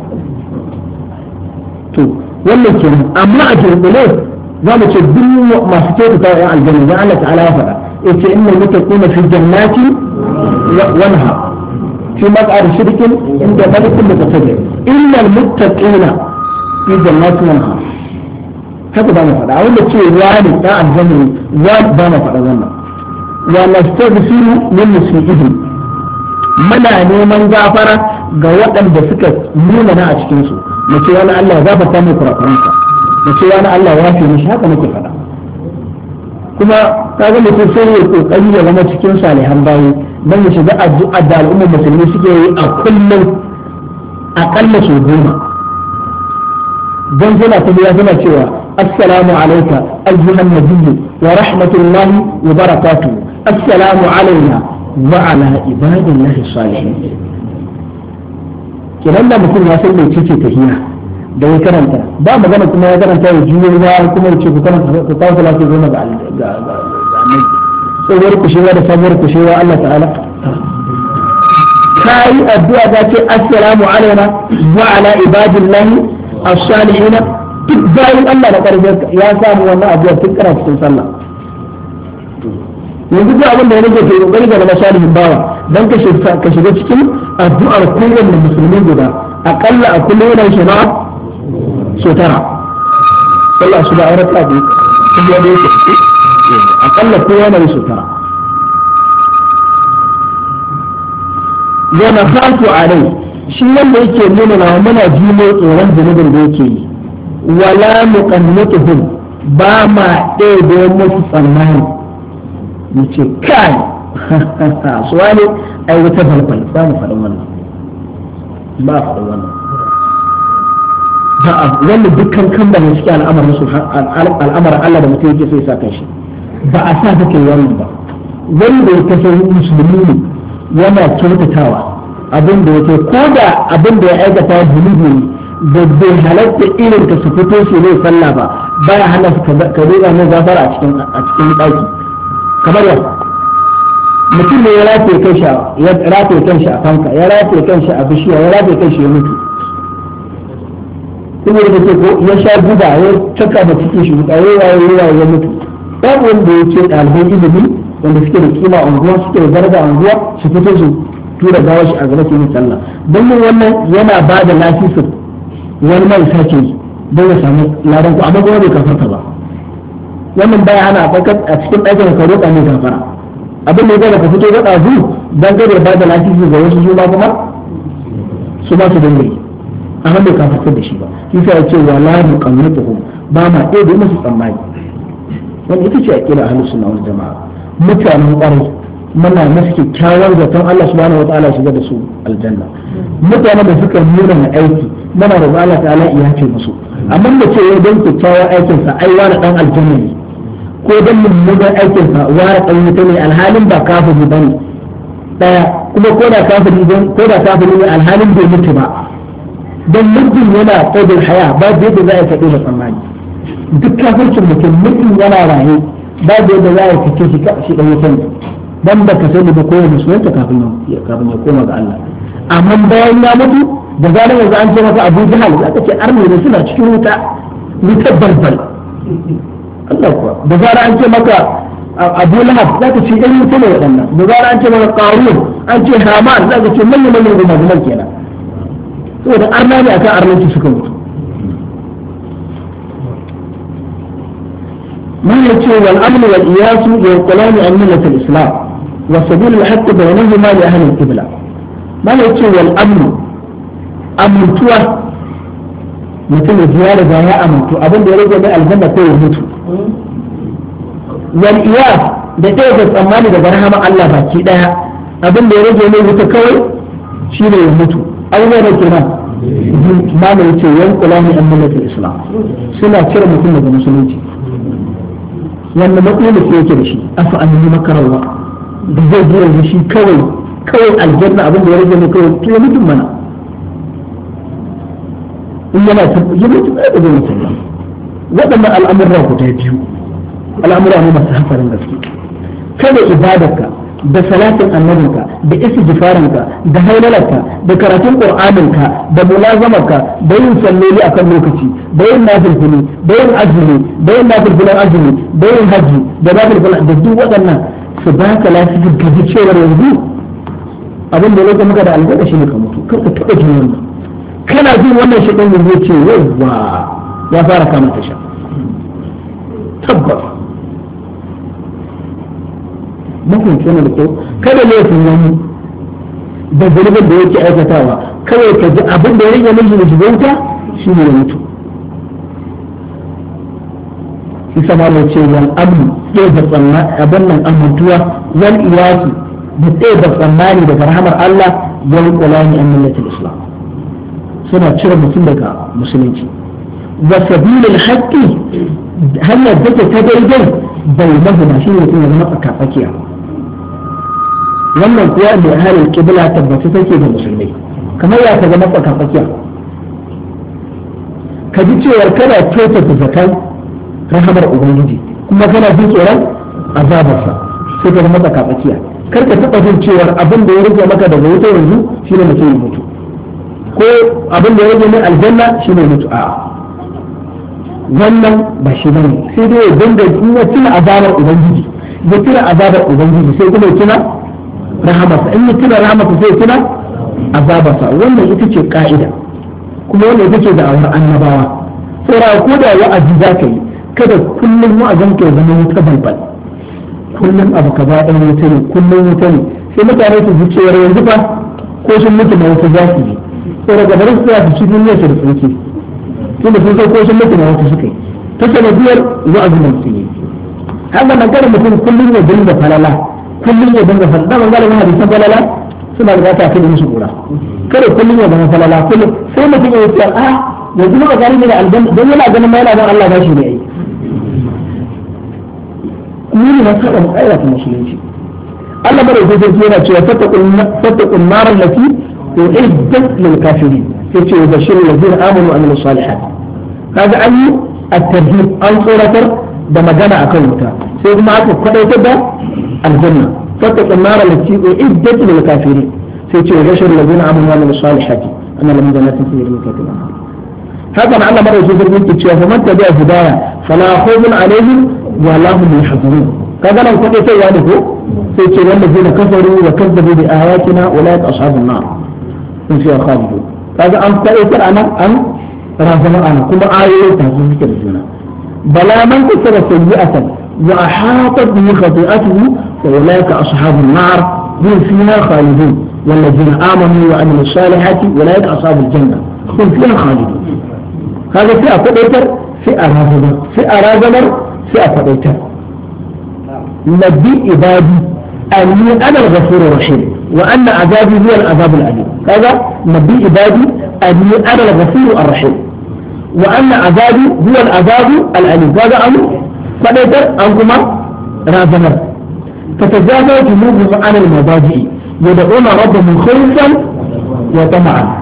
to wannan kenan amma a jirgin za mu ce duk masu kyautata wa aljanna dan Allah ta'ala ya faɗa yace innal muttaqina fi jannati wa nahar fi maq'ad shirkin inda malikun mutaqaddim innal muttaqina fi jannati wa nahar haka ba mu faɗa a wanda ce ne ta aljanna wani ba mu faɗa wannan wa nastaghfiru min musiihim muna neman gafara ga waɗanda suka nuna na a cikinsu mu ce wani Allah ya gafarta mu kurakuransa da cewa na Allah ya fi mishi haka nake faɗa kuma kaga mutum sai ya kokari ya zama cikin salihan bayi dan ya shiga addu'a da al'ummar musulmi suke yi a kullum akalla su goma don yana ta biya yana cewa assalamu alaika ayyuhan nabiyyu wa rahmatullahi wa barakatuh assalamu alayna wa ala ibadillahi salihin kiran da mutum ya san mai cike da ya karanta ba magana kuma ya karanta ya juyo ya kuma ya ce ku karanta ku kawo salatu zuwa ga annabi tsohuwar kushewa da sabuwar kushewa Allah ta'ala ka yi addu'a ta ce assalamu alaina wa ala ibadillahi as-salihin duk bayan Allah da karfi ya samu wannan addu'a tun kana cikin sallah yanzu duk abin da ya rage ke kokari ga na salihin bawa dan ka shiga cikin addu'ar kowanne musulmi guda akalla a kullum yana shema so tara sallah su da a raka biyu sun yi wanda yake akalla kowa yana da so tara yana fatu a rai shi wanda yake nuna na muna ji mai tsoron zunubin da yake yi wala mu muqannatuhum ba ma ɗaya musu tsammani mu ce kai *laughs* suwa ne ai wata falfal ba mu faɗin wannan ba faɗin wannan za a wannan dukkan kan ba ne cikin al'amarin su al'amarin Allah da mutum yake sai ya saka shi ba a sa take wannan ba wanda ya kasance musulmi ne yana kyautatawa abin da yake ko da abin da ya aikata zunubi ne da bai halatta irin ka su fito su ne sallah ba baya hana su ka zo ne gafara a cikin a cikin daki kamar yau mutum ne ya rataye kanshi ya rataye kanshi a fanka ya rataye kanshi a bishiya ya rataye kanshi ya mutu kuma da ke ko ya sha guba ya caka da cikin shi guda ya waye ya waye mutu babu wanda ya ce ɗaliban ilimi wanda suke da kima a unguwa suke da daraja a unguwa su fito su tura gawar shi a gaba su yi sallah don yin wannan yana ba da lafisin wani mai sake don ya samu ladan ku amma kuma bai ka ba wannan baya ana a cikin ɗakin ka roƙa mai kafara abin da ya ka fito ga ɗazu don gaba ba da lafisin ga wasu su ba kuma su ba su dinga yi amma kafar kafarta da shi ba kisa ya ce wa la nuqannatuhum ba ma ɗaya da musu tsammani wani ita ce aqida ahlus sunna wal jamaa mutanen ƙwarai muna masu kyakkyawar zaton Allah subhanahu wataala ya shiga da su aljanna mutanen da suka nuna na aiki muna da Allah ta'ala ya ce musu amma da ce don kyakkyawar aikin sa ai wani dan aljanna ne ko dan mummunan aikin sa wani dan wuta ne alhalin ba kafiri bane daya kuma ko da kafiri ko da kafiri ne alhalin bai mutu ba don muddin yana kodin haya ba da yadda za a yi faɗi da tsammani duk kafircin mutum muddin yana raye da yadda za a fice shi shi ɗan wutan dan ba ka sani ba kowa ta kafin ya koma ga Allah amma bayan ya mutu da zarar yanzu an ce masa Abu Jahal za ka ce arme ne suna cikin wuta wutar balbal Allah kuwa da zarar an ce maka Abu Lahab za ka ce ɗan wuta ne waɗannan da zarar an ce maka Qarun an ce Haman za ka ce manyan manyan gumaguman kenan saboda arna ne akan arnanci suka mutu ما يتشو والأمن والإياس ينقلان عن ملة الإسلام وسبيل الحق بينهما لأهل القبلة ما يتشو والأمن أمن توا مثل زيارة يا أمن توا أبن دي رجع الجنة توا mutu. والإياس da ɗaya da tsammani daga rahama Allah baki ɗaya abin da ya rage mai wuta kawai shi ne ya mutu abubuwa da kenan malam yace yan ne an millatul islam suna cire mutum daga musulunci wanda matsayin da yake da shi an fi yi makararwa da zai biya da shi kawai kawai aljanna abin da ya rage ne kawai to ya mutum mana in yana ya mutum ya da zai mutum waɗannan al'amuran guda biyu al'amura ne masu hafarin gaske kada ibadarka da salatin annabinka da istighfarinka da hailalarka da karatun qur'aninka da mulazamarka da yin salloli akan lokaci da yin nafilfili da yin azumi da yin nafilfilan azumi da yin haji da nafilfilan da duk waɗannan su ba ka lafiyar gaji cewar yanzu abin da lokacin muka da albarka shi ne ka mutu kar ka taɓa jin wannan kana jin wannan shi ɗan yanzu ce yawwa ya fara kama tasha tabbas mafi sanar da kyau kada laifin wani da zunubin da yake aikatawa kawai ka ji abin da ya rage mai zuwa jibauta shi ne mutu isa ma da ce wal abu ɗaya da tsammani abin nan amintuwa wani iyaki da ɗaya da tsammani daga rahamar Allah wal kulani an millatul islam suna cire mutum daga musulunci wa sabilil haqqi hanyar da ta daidai bai mahuma shi ne mutum ya zama tsakatsakiya wannan kuwa da harin kibla tabbata take da musulmi kamar ya ka zama tsakatsakiya ka ji cewar kana da zakan rahamar ubangiji kuma kana jin tsoron azabarsa sai ka zama tsakatsakiya kar ka taɓa jin cewar abin da ya rage maka daga wuta yanzu shine mutum ya mutu ko abin da ya rage mai aljanna shine mutu a wannan ba shi bane sai dai ya dinga tuna azabar ubangiji ya tuna azabar ubangiji sai kuma ya tuna rahamarsa in ya tuna rahamarsa sai tuna azabarsa wannan ita ce ka'ida kuma wannan ita ce da'awar annabawa saura ko da wa'azi za ka yi kada kullum wa'azin ka zama wuta balbal kullum abu ka ɗan wuta ne kullum wuta ne sai mutane su ji cewar yanzu fa ko sun mutu na wuta za su yi saura ga bari su tsaya su ci duniya su da tsinki sun san ko sun mutu na wuta suka yi ta sanadiyar wa'azin da su yi haka nan kada mutum kullum ya dinga falala kullum ya dinga fada ban galibin hadisan falala suna da ta kai musu kura kada kullum ya zama falala kullum sai mutum ya ce a yanzu ba gari ne da aljanna dan yana ganin ma yana ban Allah bashi ne ai ni na saba mu ayyuka musulunci Allah bare ko sai yana cewa fattaqun fattaqun naral lati tu'iddat lil kafirin yace wa bashirul ladina amanu wa amilus salihat kaga an yi at-tarhib an tsoratar da magana akan wuta sai kuma aka kwadaitar da الجنة فاتق النار التي أعدت الكافرين في تشير الذين عملوا من الصالحات أنا لم يدنا تنسي لمكاتب هذا معنى مرة يجب أن تتشير فمن تبع هدايا فلا خوف عليهم ولا هم يحضرون كذا لو تقيت يعني هو في الذين كفروا وكذبوا بآياتنا أولئك أصحاب النار من فيها خالدون هذا ام تأثر أنا ام رحمة أنا كل آية تهزم الجنة بلا من كثر سيئة وأحاطت بخطيئته وأولئك أصحاب النار هم فيها خالدون والذين آمنوا وعملوا الصالحات أولئك أصحاب الجنة هم فيها خالدون هذا فئة قبيتر فئة رازمر فئة رازمر فئة قبيتر نبي عبادي أني أنا الغفور الرحيم وأن عذابي هو العذاب الأليم هذا نبي عبادي أني أنا الغفور الرحيم وأن عذابي هو العذاب الأليم هذا أمر قبيتر أنكما رازمر تتجافى جنوبهم عن المضاجع يدعون ربهم خوفا وطمعا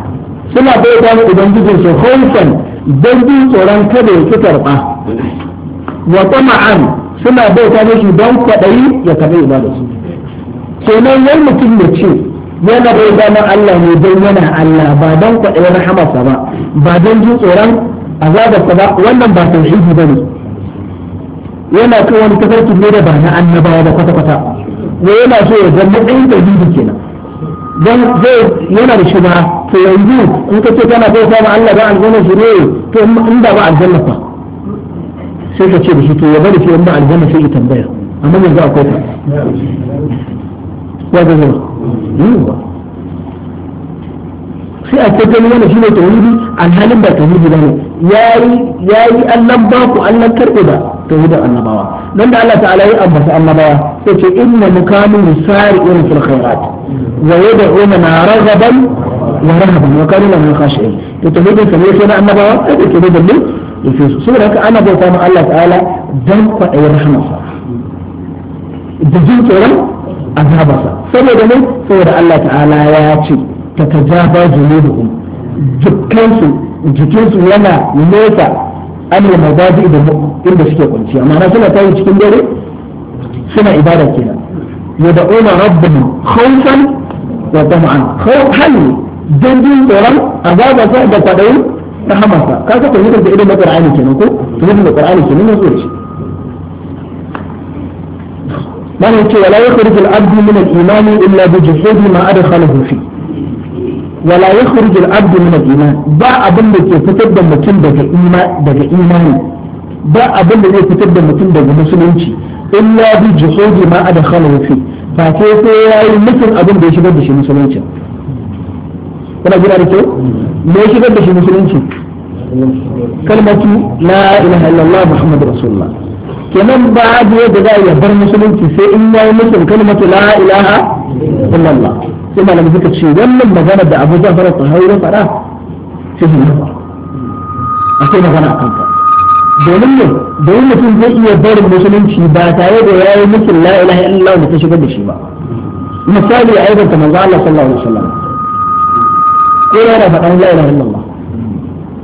suna bai gano ubangijin su haufan don bin tsoron kada ya ki karɓa wa suna bai gano shi don kwaɗayi ya karɓi ibada su kenan wani mutum ya ce yana bai gano Allah ne don yana Allah ba don ba ba tsoron azabarsa ba wannan ba tauhidi ba yana kan wani tafarki ne da ba na annabawa ba kwata-kwata ne yana so ya zama matsayin da bibi kenan don zai yana da shi to yanzu in ka ce kana bauta ma Allah ba aljanna shi ne to in ba ba aljanna fa sai ka ce da shi to ya bari shi in ba aljanna sai ya tambaya amma yanzu akwai ta ya ga zai sai a ce kan wannan shi ne tauhidi alhalin ba tauhidi ba ne ya yi allan baku allan karɓe da tauhidin annabawa nan da Allah ta'ala ya ambata annabawa sai ce inna mukamin sari'un fil khairat wa yad'una na raghaban wa rahaban wa kanu min khashi'in to tauhidin sa ne sai annabawa sai ke da dalil yake su saboda haka ana bauta ma Allah ta'ala dan kwaɗayin rahmarsa da jin tsoron azabarsa saboda ne saboda Allah ta'ala ya ce ta tatajafa junubuhum dukkan su jikinsu yana nesa an mabadi da inda suke amma na suna tayi cikin dare suna ibada kenan ya da yad'una rabbahum khawfan wa tam'an khawfan dan din tsoron azaba sai da kwadayi ta hamasa ka kaga ko da idan Qur'ani kenan ko yadda Qur'ani kenan ne zuwa shi mana yace wala yakhruju al-abdu min al-imani illa bi jihadi ma adkhalahu fi ولا يخرج العبد من الإيمان با أبن لكي فتد مكين دقى إيمان إيمان با أبن لكي فتد مكين دقى مسلمتي إلا بجحود ما أدخله فيه فكيف يأي مثل أبن دي شبه دشي مسلمتي ولا جرى لكي ما شبه دشي مسلمتي كلمة لا إله إلا الله محمد رسول الله kenan بعد da yadda za a yabar musulunci sai in yayi mutum kalmatu sai malamai suka ce wannan magana da Abu Ja'far al-Tahawi ya faɗa sai su nufa akwai magana a kanka domin ne domin mutum zai iya barin musulunci ba tare da yayi mutum la ilaha illallah da ta shigar da shi ba misali ya aikata manzo Allah sallallahu alaihi wasallam ko yana faɗan la ilaha illallah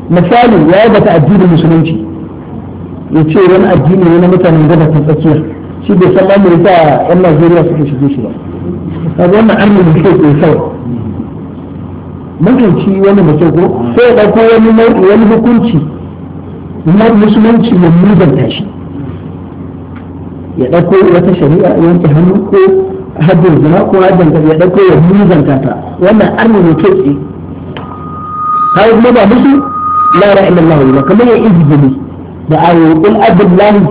misali ya yi aibanta addinin musulunci ya ce wani addini ne na mutanen gaba ta tsakiya shi bai san lamu da 'yan Najeriya suke shige shi ba a wannan an yi mutum ko sau mutunci wani mutum ko sai ya ɗauko wani nau'i wani hukunci na musulunci ya muzanta shi ya ɗauko wata shari'a yanke hannu ko haddin zina ko haddin ya ɗauko ya muzanta ta wannan an yi mutum tsaye kai kuma ba musu la ilaha illallah wa kamar ya izgini da ayoyi qul abillahi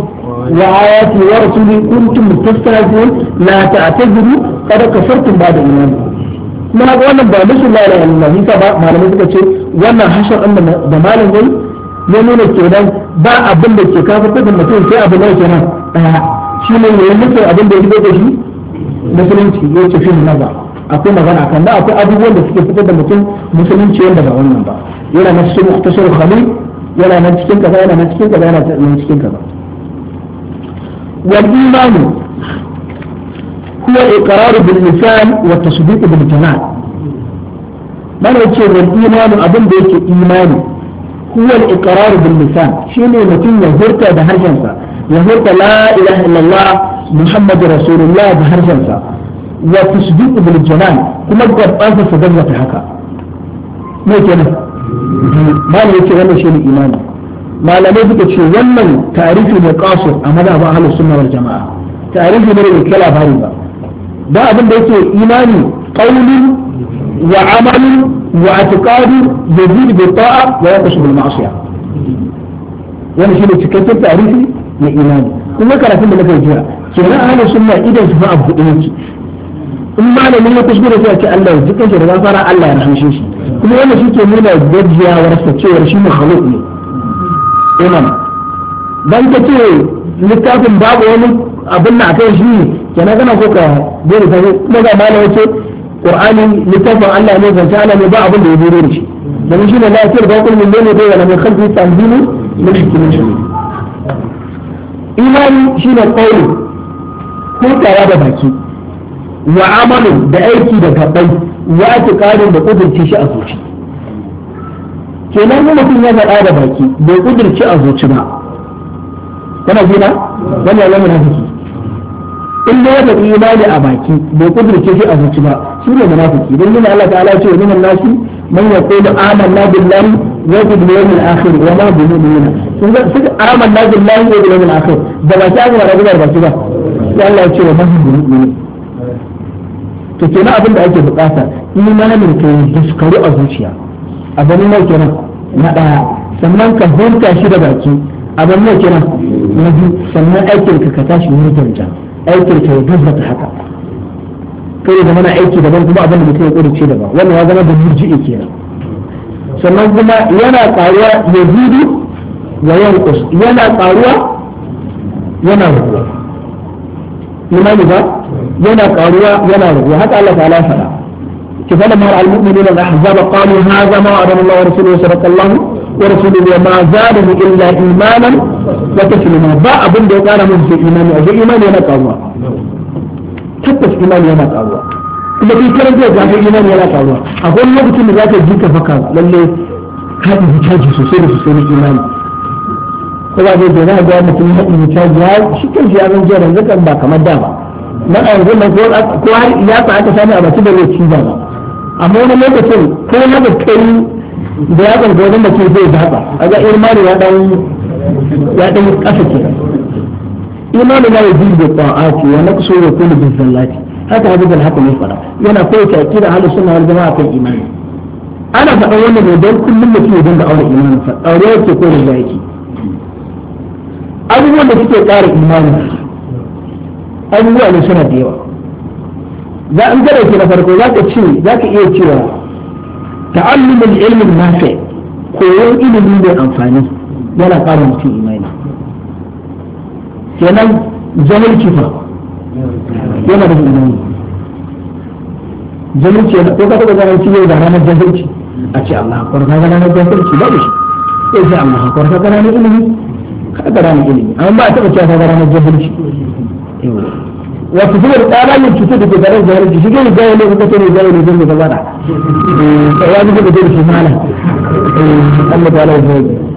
wa ayati wa rasuli kuntum tastahzi'un la ta'tadiru kada kafartum ba da imani kuma haka wannan ba musu lalai ka ba malamai suka ce wannan hashar din da malam yayi ya nuna kenan ba abin da ke kafa kudin mutum sai abin da yake daya shi ne yayin mutum abin da ya rigo da shi musulunci ya ce fi nazar akwai magana kan da akwai abubuwan da suke fitar da mutum musulunci yadda ba wannan ba yana na cikin muhtasar khali yana na cikin kaza yana na cikin kaza yana na cikin kaza wal imanu هو إقرار باللسان والتصديق بالجمال ما نقول والإيمان أبن بيك إيمان هو الإقرار باللسان شيني متين يهرت بهرجنسا يهرت لا إله إلا الله محمد رسول الله بهرجنسا والتصديق بالجمال كما قد أنت صدقت حكا ما كده ما نقول وانا شيني إيمان ما لم يبقى شيء ومن تعريف مقاصر أمام أهل السنة والجماعة تعريف من الكلام هاري ba abin da yake imani qaulun wa amalun wa i'tiqadun yazid bi ta'a wa yaqshu bil ma'siyah wannan shine cikakken tarihi na imani kuma karatun da muka jira kenan ahlus sunna idan su fa abu ɗaya ce in malamin ya kuskure sai ce Allah ya ji kanshi da gafara Allah ya rahmishe shi kuma wannan shi ke nuna gajiyawar sa cewar shi mahaluk ne imam dan ka ce littafin babu wani abin na akan shi ne kenan kana ko ka dole ta kuma ga malama ce qur'ani littafin Allah ne zance Allah ne ba abin da ya dore da shi domin shi ne la yakir ba kullum ne ne bayyana mai kalbi tanzilu min hikmin shi imani shi ne ko hutawa da baki wa amalu da aiki da gabbai wa atiqadin da kudurci shi a zuci kenan mutum ya faɗa da baki bai kudurci a zuci ba kana jina wannan yana munafiki in dai ya faɗi imani a baki bai kudurce shi a zuci ba shi ne munafiki dan yana Allah ta'ala ce wa nuna nasu man yaqulu amanna billahi wa bil yawmil akhir wa ma bi mu'minina sun ga suka amanna billahi wa bil yawmil akhir da ba ta ga rabu da baki ba sai Allah ya ce wa man bi mu'minina to kenan abin da ake bukata imanin ka yi daskaru a zuciya abin mai kenan na daya sannan ka hulka shi da baki abin mai kenan na biyu sannan aikin ka ka tashi wurin jami'a aikin ta gazzata haka kai da mana aiki daban kuma abin da mutum ya ƙudurce daban wannan ya zama da murji'i kenan sannan kuma yana ƙaruwa ya zidu wa yankus yana ƙaruwa yana raguwa imani ba yana ƙaruwa yana raguwa haka Allah ta'ala faɗa ki fada ma al-mu'minuna al-ahzab qalu hadha ma wa'ada wa rasuluhu sadaqa wa rasuluhu ma zadahu illa imanan wata sinima ba abin da ya kara mun sai imani a imani yana karuwa tabbas imani yana karuwa kuma kai karan da ga imani yana karuwa a akwai lokacin da zaka ji ka faka lalle ka yi caji sosai da sosai na imani ko ba zai ga ga mutum ya yi caji ya shi kan shi ya zan jiya yanzu kan ba kamar da ba na a yanzu nan ko har ya fa aka sani a baki da zai ci ba amma wani lokacin ko na da kai da ya zanga wani mutum zai zaba a ga imani ya dan ya dan kasa ke imanu la yajibu bi ta'ati wa naqsu wa kullu bi sallati haka hadith al-hakim ya fara yana koyi ta kira halin sunna wal jama'a kan imani ana faɗa wannan ne don kullum mutum ya dinga aure imanin sa aure yake ko da yake abubuwan da suke ƙara imanin abubuwa ne suna da yawa za an gare ki na farko za ka ce za ka iya cewa ta'allumul ilmin nafi koyon ilimi mai amfani yana ƙara mutum imani kenan zaman kifa yana da imani zaman kifa ko ka taɓa zaman kifa da ranar zalunci a ce Allah hakwar ka ranar zalunci ba da shi sai ce Allah hakwar ka ranar ilimi ka ga ranar ilimi amma ba a taɓa cewa ka ranar zalunci wato zubar ƙananan cutar da ke tare da shi gani gaya ne kuka tare da zalunci zan da gabara ya zuba da zalunci malam Allah ta ala zalunci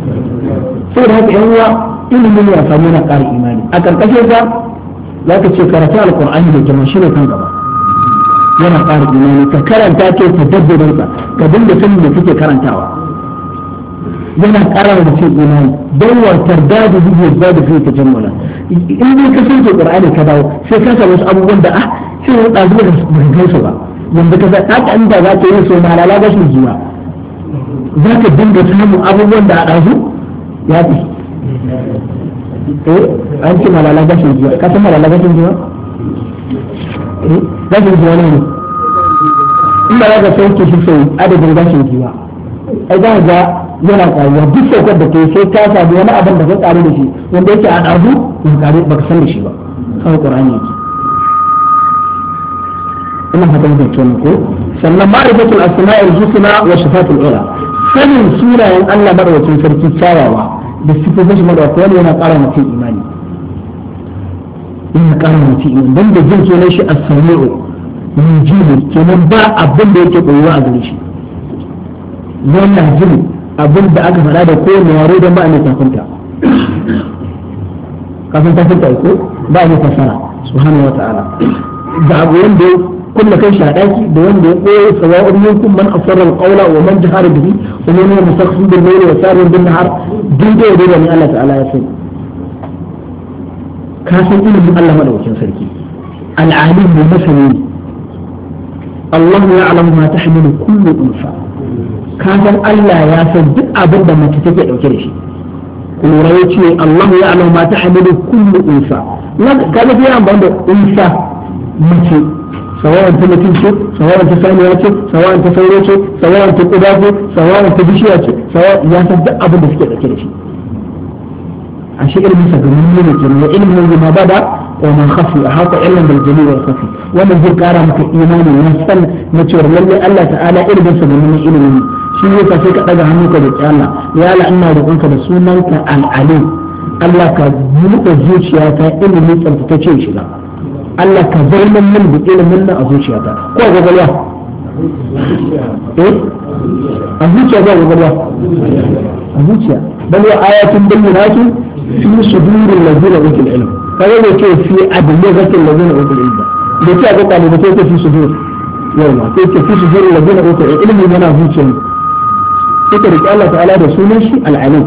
saboda haka yan uwa ilimin ya samu na ƙara imani a ƙarƙashin ka za ka ce karatu alƙur'ani da jama'a shi kan gaba yana ƙara imani ka karanta ke ta dabbobin ka ka dinga sanin da kake karantawa yana ƙarar da cin imani don wartar da da zuwa ba da fiye ta jammala in dai ka san ke ƙur'ani ka dawo sai ka samu wasu abubuwan da ah sai wani ɗazu da gangansu ba yanzu ka zaɗa ka inda za ka yi so malala gashin zuwa za ka dinga samun abubuwan da a ɗazu ya fi eh an ce malala gashin jiya ka san malala gashin jiya eh gashin jiya ne in ba za ka sauke shi sau adadin gashin jiya ai za ga yana ƙaruwa duk saukar da kai sai ka sami wani abin da ka ƙaru da shi wanda yake a ɗazu ba ka san da shi ba kawai ƙur'ani yake ina fatan da ke ko sannan ma'rifatul asma'il husna wa sifatul ula sanin sunayen Allah madawacin sarki kyawawa da sifofin shi madawa yana ƙara mutum imani yana ƙara mutum imani don da jin kenan shi a sami'u min jibu kenan ba abin da yake koyuwa a gare shi yana jin abin da aka faɗa da kowane yare don ba a mai kafinta kafin kafinta ko ba a mai fasara subhanahu wa ta'ala da abu wanda kulle kai shaɗaki da wanda ya ɓoye sawa'un minkum man asarra al-qawla wa man jahara bihi wa man huwa da bil layli wa sarin bin nahar daidai da ni Allah ta'ala ya sani ka san ilimin Allah madaukakin sarki al'alim ne masani Allah ya alamu ma ta hamilu kullu unsa ka san Allah ya san duk abin da mace take dauke da shi lura ya ce Allah ya alamu ma ta hamilu kullu unsa ka ga yana ban da unsa mace sawa'an ta mutum ce sawa'an ta saniya ce sawa'an ta sauro ce sawa'an ta kuda ce sawa'an ta bishiya ce ya san duk abin da suke dauke da shi a shi ilmin sa gamin ne ke ne ilmin ne ma bada ko man khafi a haka ilmin bil jami wal khafi wannan zai kara maka imani ne san na cewa lalle Allah ta'ala ilmin sa gamin ne ilmin shi ne sai ka daga hannunka da Allah ya la ina roƙonka da sunanka al-alim Allah ka buɗe zuciya ta ilmin tsaftace shiga Allah ka zama min da ilimin nan a zuciyata ko ga gaba eh a zuciya za ga gaba a zuciya bal wa ayatun bayyinatu fi suduril ladina utul ilm kaga ne ce fi adami zakil ladina utul ilm da ce ga kwani da ce fi sudur yawa sai ce fi suduril ladina utul ilm yana zuciya suka riƙe Allah ta'ala da sunan shi al'alim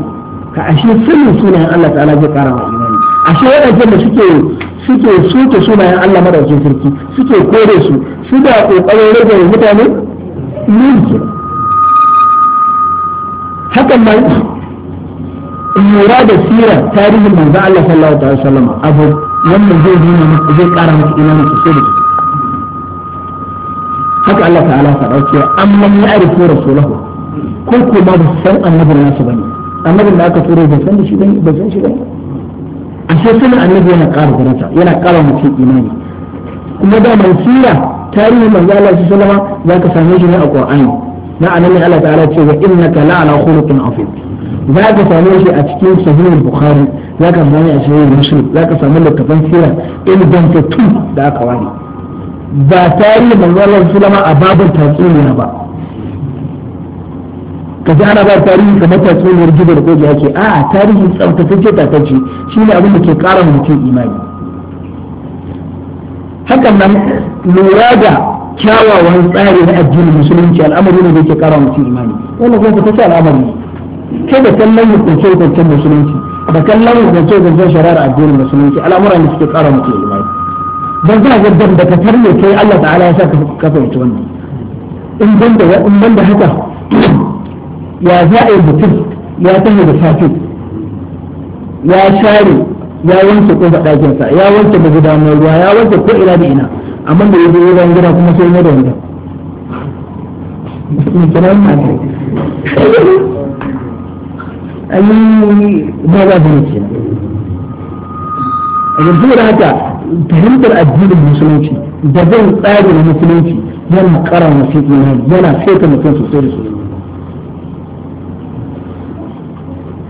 ka ashe sanin sunayen Allah ta'ala zai ƙara wa imani ashe waɗancan da suke suke soke sunayen Allah madaukakin sarki suke kore su su da rage mutane mulki hakan ma lura da sirar tarihin manzo Allah sallallahu alaihi wasallam abu wannan zai nuna maka zai kara maka imani sosai da sosai haka Allah ta'ala ta dauke amman ya arifu rasulahu ko ko ba san annabin nasu bane annabin da aka tura bai san shi bane bai san shi bane ashe suna annabi yana ƙara daraja yana ƙara mutum imani kuma da mai sira tarihin manzo Allah sallallahu alaihi wasallam zaka same shi ne a Qur'ani na anan ne Allah ta'ala ce wa innaka la'ala khuluqin afid za ka samu shi a cikin sahih bukhari za ka same a cikin muslim za ka samu littafin sirra ingantattu da aka wani ba tarihi manzo Allah sallama a babin tatsuniya ba ka ji ana ba tarihi kamar tatsuniyar gidan ko ake a tarihi tsaftatacce tatacce shi ne abin da ke kara mutum imani hakan nan lura da kyawawan tsari na addinin musulunci al'amari ne da yake kara mutum imani wannan kuma fitace al'amari kai da kallon hukunce hukuncen musulunci da kallon hukunce hukuncen shari'ar addinin musulunci al'amura ne suke kara mutum imani dan za ga da ka tarne kai Allah ta'ala ya sa ka fahimci wannan in ban da in ban da haka ya za a yi mutum ya tafi da safi ya share ya wanke kofar ɗakinsa ya wanke magudanar ruwa ya wanke ko ina da ina amma da ya zo ran gida kuma sai ya da wanda ayi ba za ta mace a yanzu da haka fahimtar addinin musulunci da zan tsari na musulunci yana kara masu imani yana saita mutum sosai da sosai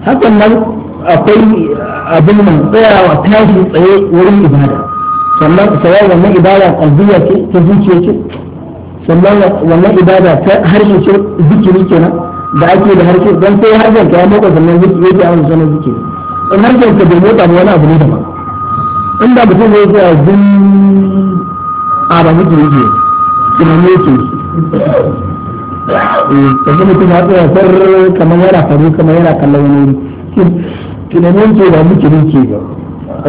hakan nan akwai abin nan tsayawa tashi tsaye wurin ibada sannan sawai wannan ibada qalbiyya ce ta zuciya ce sannan wannan ibada ta harshe ce zikiri kenan da ake da harshe don sai harshen ta ya motsa sannan zikiri yake a wannan zikiri in harshen ta bai motsa ba wani abu ne daban inda mutum zai tsaya zin a ba zikiri ke tunan yake yanzu eh, mutum ya tsaya sar kamar yana faru kamar yana kallon wani tunanin ke ba zikiri ke ba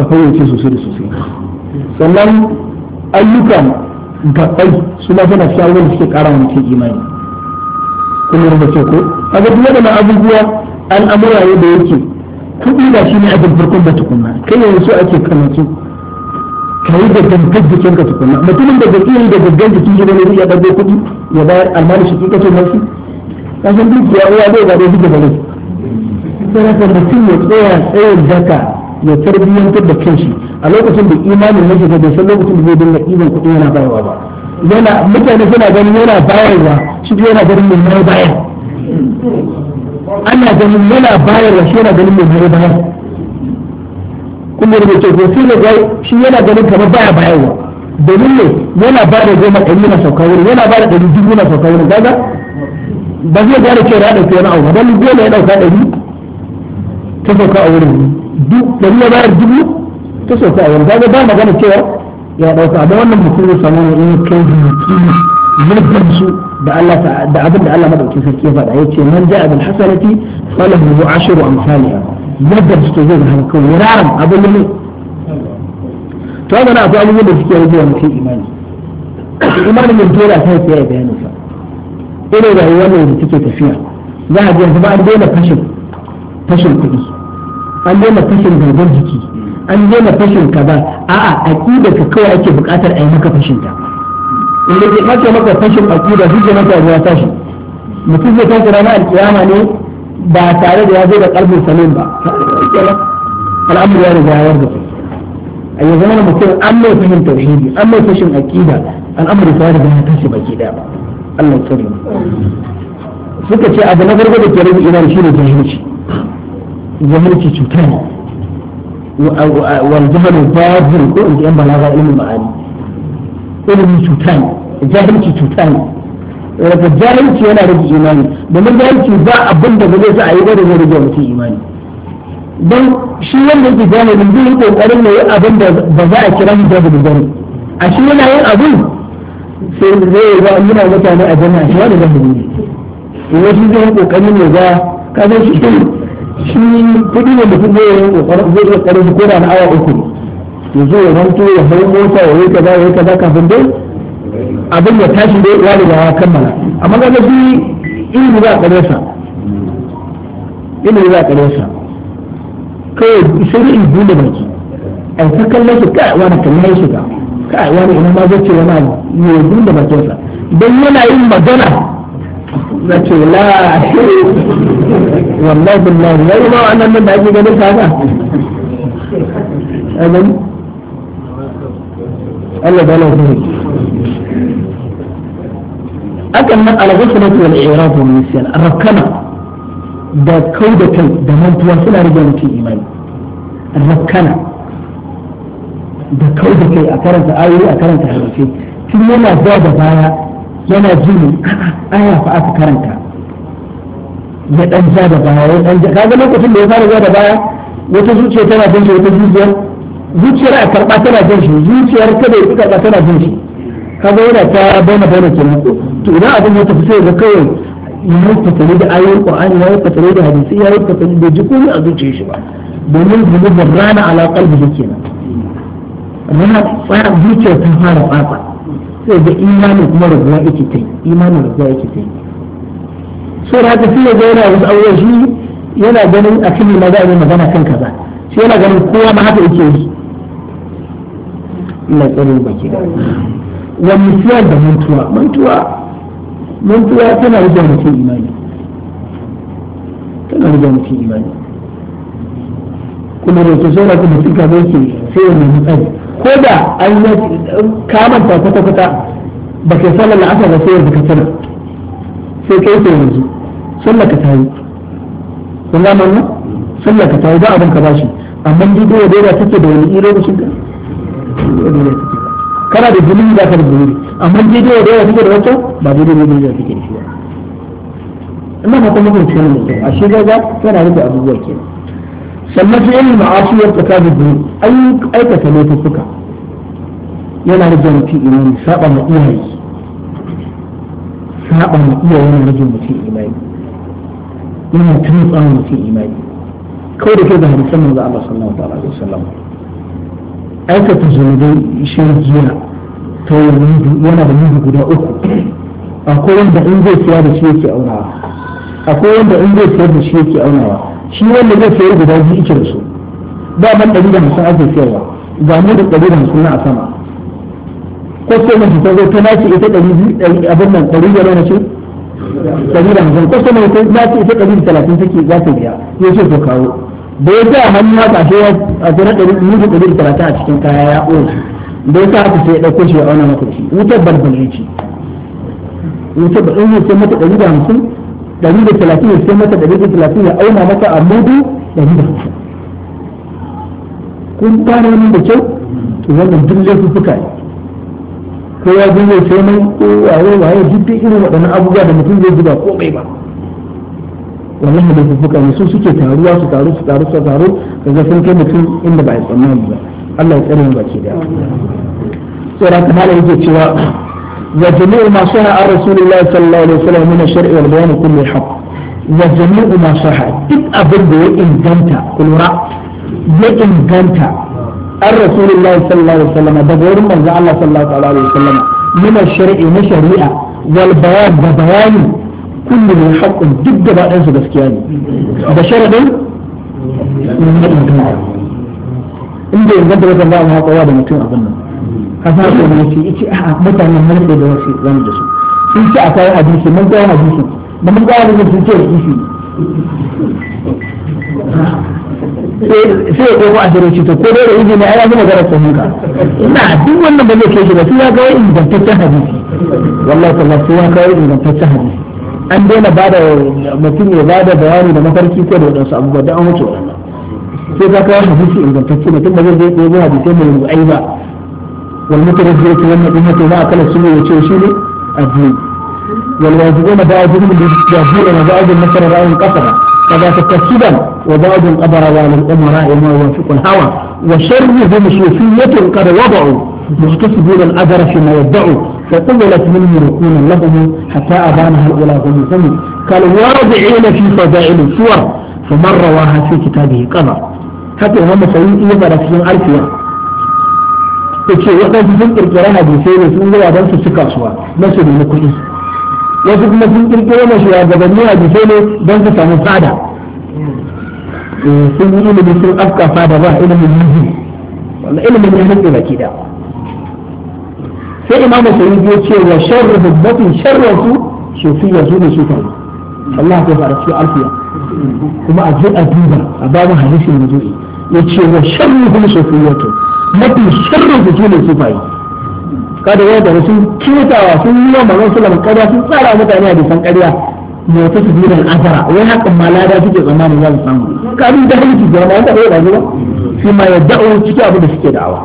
akwai yace sosai da sosai sannan ayyukan gabbai su ma suna cikin abubuwan da suke kara wa mutum imani kuma yadda ce ko a ga duk waɗannan abubuwa al'amura ne da yake kuɗi ba shi ne abin farkon da tukunna kai yanzu so ake karatu ka yi da gangar jikin ka tukunna mutumin da zai yi da gangar jikin shi ne ya ɗago kuɗi ya bayar almani shi kika ce masu kasan dukiya uwa zai da shi da bare sai ka mutum ya tsaya tsayin zaka ya tarbiyyantar da kanshi a lokacin da imanin na shiga bai san lokacin da zai dinga ɗiban kuɗi yana bayarwa ba yana mutane suna ganin yana bayarwa shi yana ganin mai mai bayar ana ganin yana bayarwa shi yana ganin mai mai bayar kuma da ke ko sai ga shi yana ganin kamar baya bayarwa domin ne yana ba da goma ɗari na sauka wurin yana ba da ɗari dubu na sauka wurin gaga ba zai gane cewa ya ɗauki wani abu ba don goma ya ɗauka ɗari ta sauka a wurin duk dari ya bayar dubu ta sauka a yanzu ba magana cewa ya dauka da wannan mutum ya samu ne ya kai jiki zurfin su da Allah da abin da Allah madauki sarki ya faɗa yace man ja'a bil hasanati falahu ashiru amsalha yadda su zai zama kawai raram abin ne to haka na akwai abubuwan da suke rage wa mutum imani imanin mai dole a sai ya bayani sa irin rayuwar da take tafiya za a ji yanzu ba an daina fashin fashin kuɗi an daina fashin gangan jiki an daina fashin kaza a'a aqida ka kawai ake buƙatar a yi maka fashin ta in da ke mace maka fashin aqida shi ke maka ruwa tashi mutum zai tashi ranar alkiyama ne ba tare da ya zo da kalbin Salim ba al'amur ya riga ya warga a yanzu mana mutum an mai fashin tauhidi an mai fashin aqida al'amur ya riga ya tashi baki ɗaya ba Allah ya tsare suka ce abu na farko da ke rage shi ne jahilci zumunci cutar ne wal jahalu babun ko in ji yan balaga ilimin ma'ani ilimin cuta ne jahilci cuta ne daga jahilci yana rage imani domin jahilci ba abin da zai sa a yi gwada zai rage mutum imani don shi wanda yake jahilin zai yi kokarin yi abin da ba za a kira mu jahilin bane a shi yana yin abin sai zai ba yana mutane a jama'a shi wani jahilin ne wasu zai yi kokarin ne ga kazan shi shi kudi da mutum zai yi kokarin zai yi kokarin ko da na awa uku ya zo ya zanto ya hau mota ya yi kaza ya yi kaza kafin dai abin da tashi dai ya riga ya kammala amma ga da ilimi za a kare sa ilimi za a kare sa kawai sai in bude baki a ta kallon su kai wani kallon shi ga kai wani ina ma zai ce wani abu ne ya bude sa. Don yana yin magana والله بالله لا يضع أن من بعيد قبل هذا أذن الله بلا ذلك أكن مسألة غسلة والإعراض والنسيان الركنة دا كودة دا من توصل رجال في إيمان الركنة دا كودة أكرمت آية أكرمت yana jini aya fa aka karanta ya dan ja da baya ya dan ja ga lokacin da ya fara ja da baya wata zuciya tana jin shi wata zuciya zuciyar a karba tana jin shi zuciyar kada ya karba tana jin shi kaga yana ta bayyana bayyana kenan to idan abin ya tafi sai ga kawai ya yi fatali da ayoyin qur'ani ya yi fatali da hadisi ya yi fatali da jikuni a zuciyar shi ba domin zunubin rana ala qalbi kenan rana fara zuciyar ta fara fata sai ga imanin kuma rabuwa yake ta yi imanin rabuwa yake ta yi so da haka sai ga yana wasu abubuwa shi yana ganin a cikin ma za a yi magana kan kaza shi yana ganin kowa ma haka yake yi ina tsarin baki da wa mutuwa da mantuwa mantuwa mantuwa tana rage mutum imani tana rage mutum imani kuma da ke saura kuma suka zai ke sai ya nemi tsari ko da an yi kamanta kwata kwata ba ke sallar la'asar da sai yanzu ka sai kai sai yanzu sallar tayi kun ga sallar ka tayi ba abin ka bashi amma dai da take da wani iro da kana da da amma dai da da take da wato ba da da shi ba amma ne a shi gaza yana da abubuwa kenan sannan fi ilmi ma'asu wa tsaka da zuwa aikata laifuka yana rage mutum imani saba ma iyaye saba ma iyaye yana rage mutum imani yana tunutsa mutum imani kawai da kai da hadisan manzo Allah sallallahu alaihi wasallam aikata zunubai shan giya ta yana da mudu guda uku akwai wanda in zai siya da shi yake aunawa akwai wanda in zai siya da shi yake aunawa shi wanda zai sayar guda biyu ike da su ba man ɗari da hamsin ake sayarwa ga mu da ɗari da hamsin na a sama ko sai mace ta zo ta nace ita ɗari biyu abin nan ɗari da rana ce ɗari da hamsin ko sai mace ta nace ita ɗari da talatin take za ta biya ya ce ko kawo da ya sa hannu ya ta sai a tsira ɗari da ɗari da talatin a cikin kaya ya ɓoye da ya sa haka sai ya ɗauko shi a wani lokaci wutar barbalai ce wutar barbalai ce mata ɗari da hamsin Dari da talatin ya ce masa ɗari da talatin ya auna masa a mudu ɗari da hamsin kun fara nan da kyau to wannan duk laifuffuka ne ko ya zo zai sai mai ko waye waye duk irin waɗannan abubuwa da mutum zai zuba komai ba wannan laifuffuka ne su suke taruwa su taru su taru su taru sun kai mutum inda ba ya tsammani ba Allah ya tsare mu baki da kamar yake cewa وجميع ما صنع رسول الله صلى الله عليه وسلم من الشرع والبيان كل حق وجميع ما صنع تك أبدا إنجنتا كل راء يإنجنتا الرسول الله صلى الله عليه وسلم بغير من الله صلى الله عليه وسلم من الشرع والشريعة والبيان ببيان كل من حق ضد بعض أنسى بسكياني هذا شرع من الإنجنتا إنجنتا بسم الله وحقا يا بنتين أظنه kasa ko ne ce yace a mutane har da wasu zan da su sun ce akwai hadisi mun ga hadisi da mun ga hadisi sun ce hadisi sai ya koko a dare ta ko dai da izini ai yanzu magana ko mun ka ina duk wannan ba zai kai shi ba sai ya ga ingantaccen hadisi wallahi tallahi sai ya ga ingantaccen hadisi an daina ba da mutum ya ba da bayani da mafarki ko da wadansu abubuwa da an wuce wannan sai ka kawo hadisi ingantacce mutum ba zai zai hadisai mai rubu'ai ba والمتنزلة والمؤمنة لا أكل السنة وشيشيلي أبني والواجبون بعضهم يجابون بعض النصر رأي قصرا فذا تكسبا وبعض الأبرى والأمراء ما يوافق الهوى وشرهم صوفية قد وضعوا مختصبون الأجر فيما يدعوا فقبلت منه ركونا لهم حتى أبان هؤلاء هم هم كالواضعين في فضائل الصور فمر رواها في كتابه قبر حتى هم مسويين إيه في ألفية ce waɗansu sun ƙirƙira hadisai ne sun zuwa don su ci kasuwa na su nemi kuɗi wasu kuma sun ƙirƙira na shugabanni hadisai ne don su samu fada sun yi ilimin sun afka fada ba ilimin yuzi wanda ilimin ya hanzu baki da sai imam sayyid ya ce wa sharru hubbatin sharru sufiya su ne su sufai Allah ta fara cikin alfiya kuma a je a duba a babu hadisin wudu'i ya ce wa sharru hum sufiyatu mafi sirrin su ne sufaye kada wani da sun cutawa sun yi wa manzon sulam kada sun tsara mutane a bisan kariya mai ta su biran azara wai hakan ma lada suke tsammanin za su samu kafin da halittu da wani wanda bai rayuwa shi ma ya da'o cikin abin da suke da'awa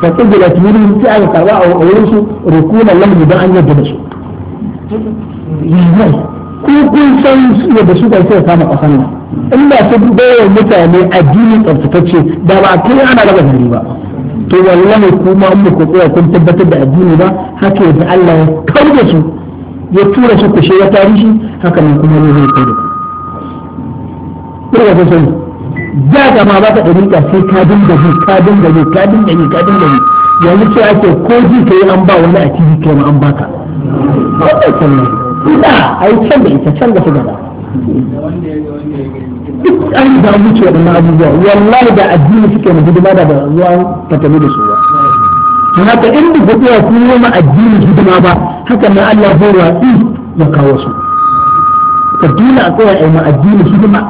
fa kujira tunin sai aka karba a wurin su rukunan lamu don an yadda da su ko kun san yadda su kai sai ya kama kasan nan in ba su bayar mutane addinin tsaftatacce da ba kai ana raba gari ba to wallahi kuma an muku tsaya kun tabbatar da addini ba haka yadda Allah ya kauda su ya tura su ku shiga tarihi haka nan kuma ne zai kauda ku ina ga sani da ga ma ba ka ɗari dariƙa sai ka dinga ji ka dinga ji ka dinga ji ka dinga ji yanzu sai ake ko ji ka yi an ba wani a tv ka yi an baka sani kenan ina yi can da ita can da su gaba duk an da wuce waɗannan abubuwa wallahi da addini suke na hidima da ba zuwa fatali da suwa. ba to haka in da guduwa ku yi ma addini hidima ba haka na Allah zai watsi ya kawo su ka dina a kawai a yi ma addini hidima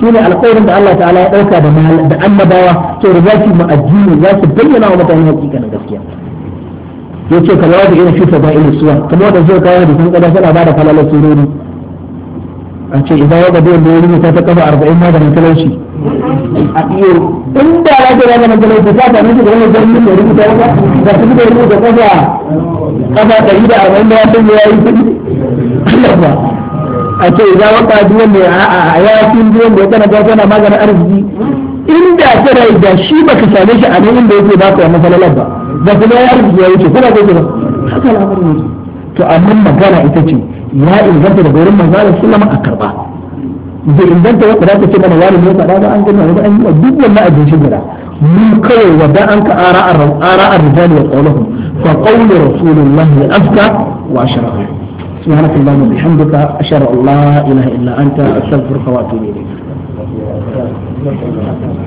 shi ne alƙawarin da Allah ta'ala ya ɗauka da annabawa to da za su ma addini za su bayyana wa mutane hakika na gaskiya ya ce kamar wata irin fifa ba irin suwa kamar wata zai kawo da kuma kada suna ba da falalar surori an ce idan ya gado da wurin ta ta kafa arba'in maganin talauci a iyo in da ya gado maganin talauci ta ta nufi da wani zarni da rubuta wata da su da rubuta kafa kafa ɗari da arba'in da ya san ya yi kuɗi Allah ba a ce idan wata duwan ne a yakin biyan da ya tana gawa na maganin arziki inda tana da shi baka same shi a nan inda yake baka wannan falalar ba da kuma ya arziki ya wuce kuna gaji ba haka al'amarin yake to amma magana ita ce ya inganta da gurin manzo Allah sallama a karba bai inganta wanda za ka ce mana wani ne faɗa ba an gina wani an yi wa duk wannan abin shi gura mun kawai wa da an ka ara a ara a rijali wa qawluhum fa qawlu rasulullahi afka wa ashrahu سبحانك اللهم وبحمدك أشهد أن لا إله إلا أنت أستغفرك وأتوب إليك